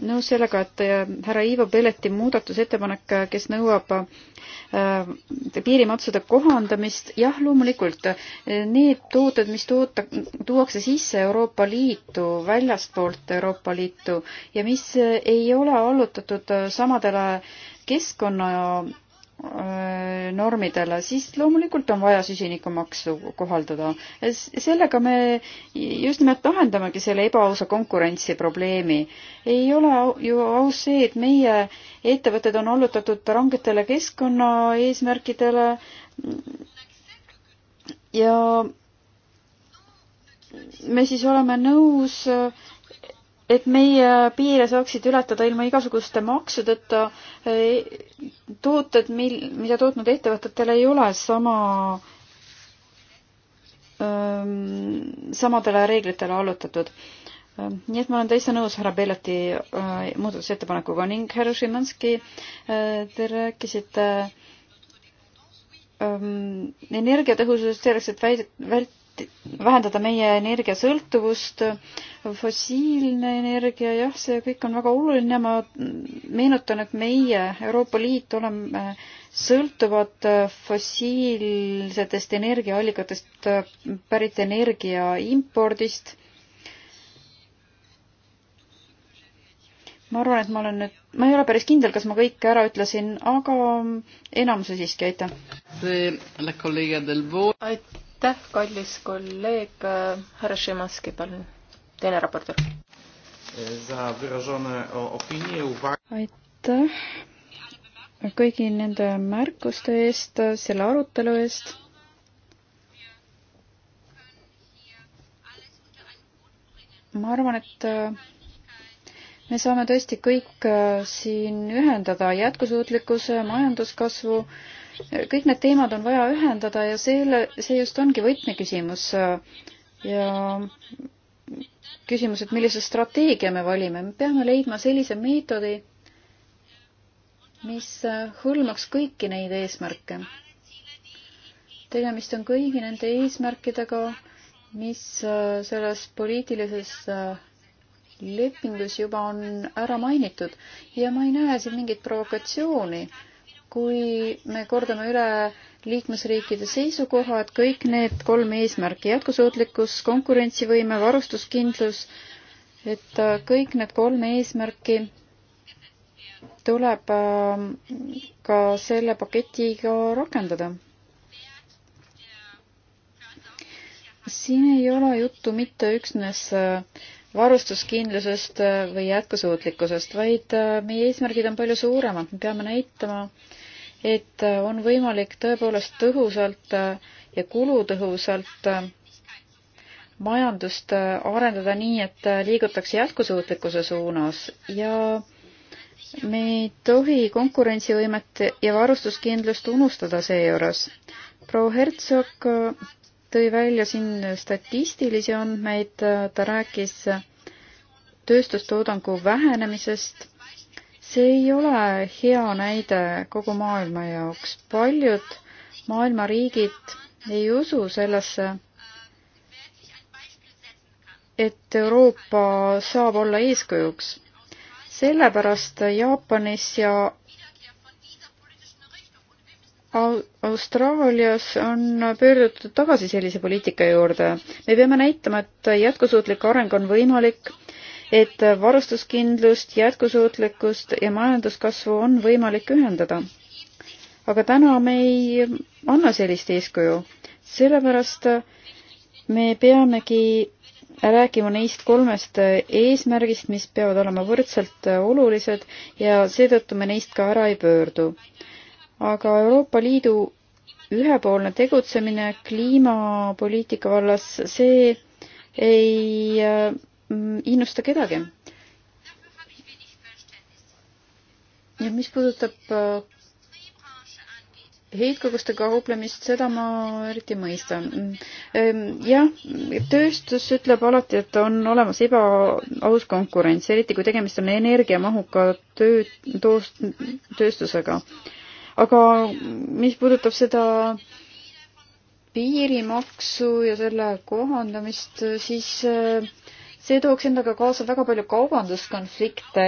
nõus sellega, et äh, härra Ivo Pelleti muudatusettepanek, äh, kes nõuab piirimatsude kohandamist, jah, loomulikult need tooted, mis toota, tuuakse sisse Euroopa Liitu, väljastpoolt Euroopa Liitu ja mis ei ole allutatud samadele keskkonna Äh, normidele, siis loomulikult on vaja süsinikumaksu kohaldada. sellega me just nimelt lahendamegi selle ebaausa konkurentsi probleemi. ei ole ju aus see, et meie ettevõtted on allutatud rangetele keskkonnaeesmärkidele ja me siis oleme nõus äh, et meie piire saaksid ületada ilma igasuguste maksudeta tooted, mil, mida tootnud ettevõtetel ei ole sama ähm, samadele reeglitele allutatud. Ähm, nii et ma olen täitsa nõus härra Bellati äh, muudatusettepanekuga ning härra Šimanski, äh, te rääkisite ähm, energiatõhususest selleks, et väid-, vält-, vähendada meie energiasõltuvust, fossiilne energia, jah, see kõik on väga oluline, ma meenutan, et meie, Euroopa Liit, oleme sõltuvad fossiilsetest energiaallikatest pärit energia impordist. ma arvan, et ma olen nüüd, ma ei ole päris kindel, kas ma kõike ära ütlesin, aga enamuse siiski, aitäh. aitäh aitäh, kallis kolleeg äh, härra Šimanski, palun, teine raportöör. aitäh kõigi nende märkuste eest, selle arutelu eest. ma arvan, et äh, me saame tõesti kõik äh, siin ühendada jätkusuutlikkuse, majanduskasvu äh, kõik need teemad on vaja ühendada ja selle, see just ongi võtmeküsimus ja küsimus, et millise strateegia me valime, me peame leidma sellise meetodi, mis hõlmaks kõiki neid eesmärke. tegemist on kõigi nende eesmärkidega, mis selles poliitilises lepingus juba on ära mainitud ja ma ei näe siin mingit provokatsiooni kui me kordame üle liikmesriikide seisukoha, et kõik need kolm eesmärki, jätkusuutlikkus, konkurentsivõime, varustuskindlus, et äh, kõik need kolm eesmärki tuleb ähm, ka selle paketiga rakendada. siin ei ole juttu mitte üksnes äh, varustuskindlusest äh, või jätkusuutlikkusest, vaid meie eesmärgid on palju suuremad, me peame näitama äh, et äh, on võimalik tõepoolest tõhusalt äh, ja kulutõhusalt äh, majandust arendada nii, et liigutakse jätkusuutlikkuse suunas ja me ei tohi konkurentsivõimet ja varustuskindlust unustada seejuures. proua Hertsog tõi välja siin statistilisi andmeid, ta rääkis tööstustoodangu vähenemisest see ei ole hea näide kogu maailma jaoks. paljud maailma riigid ei usu sellesse, et Euroopa saab olla eeskujuks. sellepärast Jaapanis ja Austraalias on pöördutud tagasi sellise poliitika juurde. me peame näitama, et jätkusuutlik areng on võimalik et varustuskindlust, jätkusuutlikkust ja majanduskasvu on võimalik ühendada. aga täna me ei anna sellist eeskuju, sellepärast me peamegi rääkima neist kolmest eesmärgist, mis peavad olema võrdselt olulised ja seetõttu me neist ka ära ei pöördu. aga Euroopa Liidu ühepoolne tegutsemine kliimapoliitika vallas, see ei Mm, innusta kedagi. ja mis puudutab äh, heitkogustega kauplemist, seda ma eriti ei mõista. Mm, ähm, jah, tööstus ütleb alati, et on olemas ebaaus konkurents, eriti kui tegemist on energiamahuka töö, toost-, tööstusega. aga mis puudutab seda piirimaksu ja selle kohandamist, siis äh, see tooks endaga kaasa väga palju kaubanduskonflikte.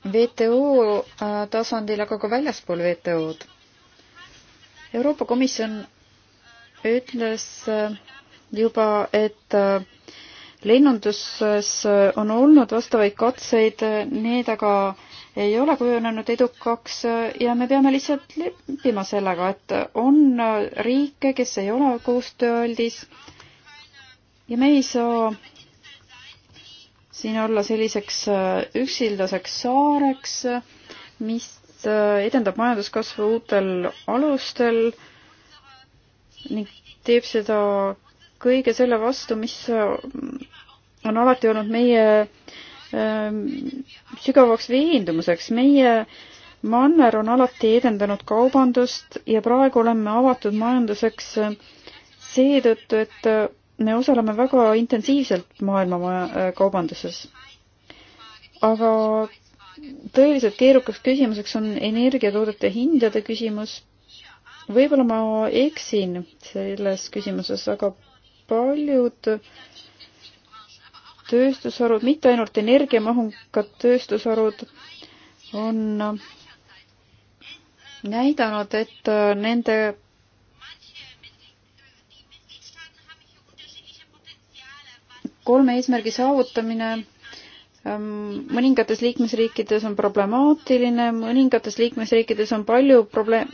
WTO äh, tasandil, aga ka väljaspool WTO-d. Euroopa Komisjon ütles äh, juba, et äh, lennunduses on olnud vastavaid katseid, need aga ei ole kujunenud edukaks ja me peame lihtsalt leppima sellega, et on riike, kes ei ole koostööaldis ja me ei saa siin olla selliseks äh, üksildaseks saareks, mis äh, edendab majanduskasvu uutel alustel ning teeb seda kõige selle vastu, mis äh, on alati olnud meie ähm, sügavaks veendumuseks. meie manner on alati edendanud kaubandust ja praegu oleme avatud majanduseks seetõttu, et me osaleme väga intensiivselt maailma kaubanduses. aga tõeliselt keerukaks küsimuseks on energiatoodete hindade küsimus. võib-olla ma eksin selles küsimuses, aga paljud tööstusharud, mitte ainult energiamahukad tööstusharud, on näidanud, et nende kolme eesmärgi saavutamine ähm, mõningates liikmesriikides on problemaatiline, mõningates liikmesriikides on palju probleem,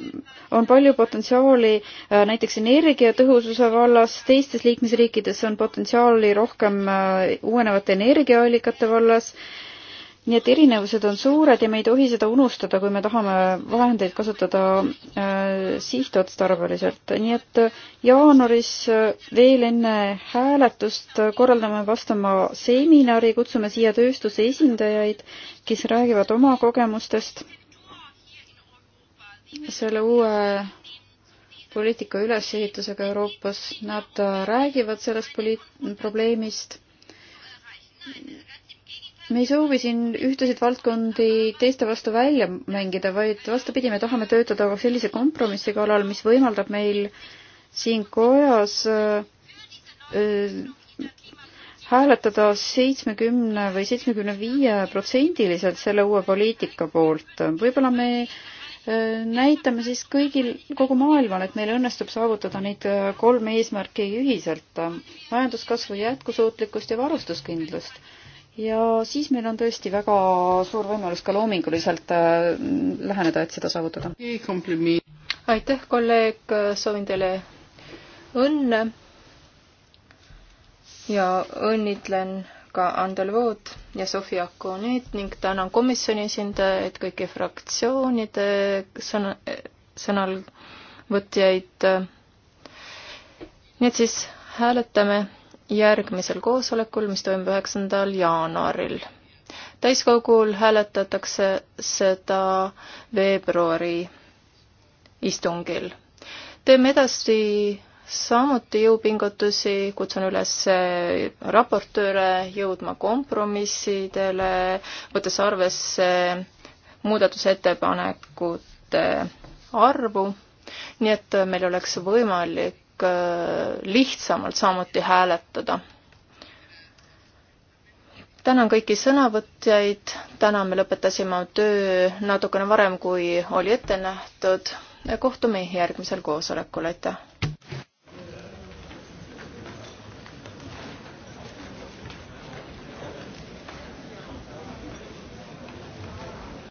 on palju potentsiaali äh, näiteks energiatõhususe vallas, teistes liikmesriikides on potentsiaali rohkem äh, uuenevate energiaallikate vallas äh, nii et erinevused on suured ja me ei tohi seda unustada, kui me tahame vahendeid kasutada äh, sihtotstarbeliselt. nii et äh, jaanuaris äh, veel enne hääletust äh, korraldame vastama seminari, kutsume siia tööstuse esindajaid, kes räägivad oma kogemustest selle uue poliitika ülesehitusega Euroopas. Nad räägivad sellest poliit-, probleemist me ei soovi siin ühtesid valdkondi teiste vastu välja mängida, vaid vastupidi, me tahame töötada sellise kompromissi kallal, mis võimaldab meil siin kojas äh, äh, hääletada seitsmekümne või seitsmekümne viie protsendiliselt selle uue poliitika poolt. võib-olla me äh, näitame siis kõigil, kogu maailmal, et meil õnnestub saavutada neid kolme eesmärki ühiselt. majanduskasvu jätkusuutlikkust ja varustuskindlust ja siis meil on tõesti väga suur võimalus ka loominguliselt äh, läheneda, et seda saavutada. aitäh, kolleeg, soovin teile õnne ja õnnitlen ka Andel Vood ja Sofia Koneet ning tänan komisjoni esindajaid, kõiki fraktsioonide sõna, sõnalvõtjaid. nii et siis hääletame järgmisel koosolekul, mis toimub üheksandal jaanuaril. täiskogul hääletatakse seda veebruari istungil. teeme edasi samuti jõupingutusi, kutsun üles raportööre jõudma kompromissidele, võttes arvesse muudatusettepanekute arvu, nii et meil oleks võimalik Äh, lihtsamalt samuti hääletada. tänan kõiki sõnavõtjaid, täna me lõpetasime töö natukene varem, kui oli ette nähtud. kohtume järgmisel koosolekul, aitäh!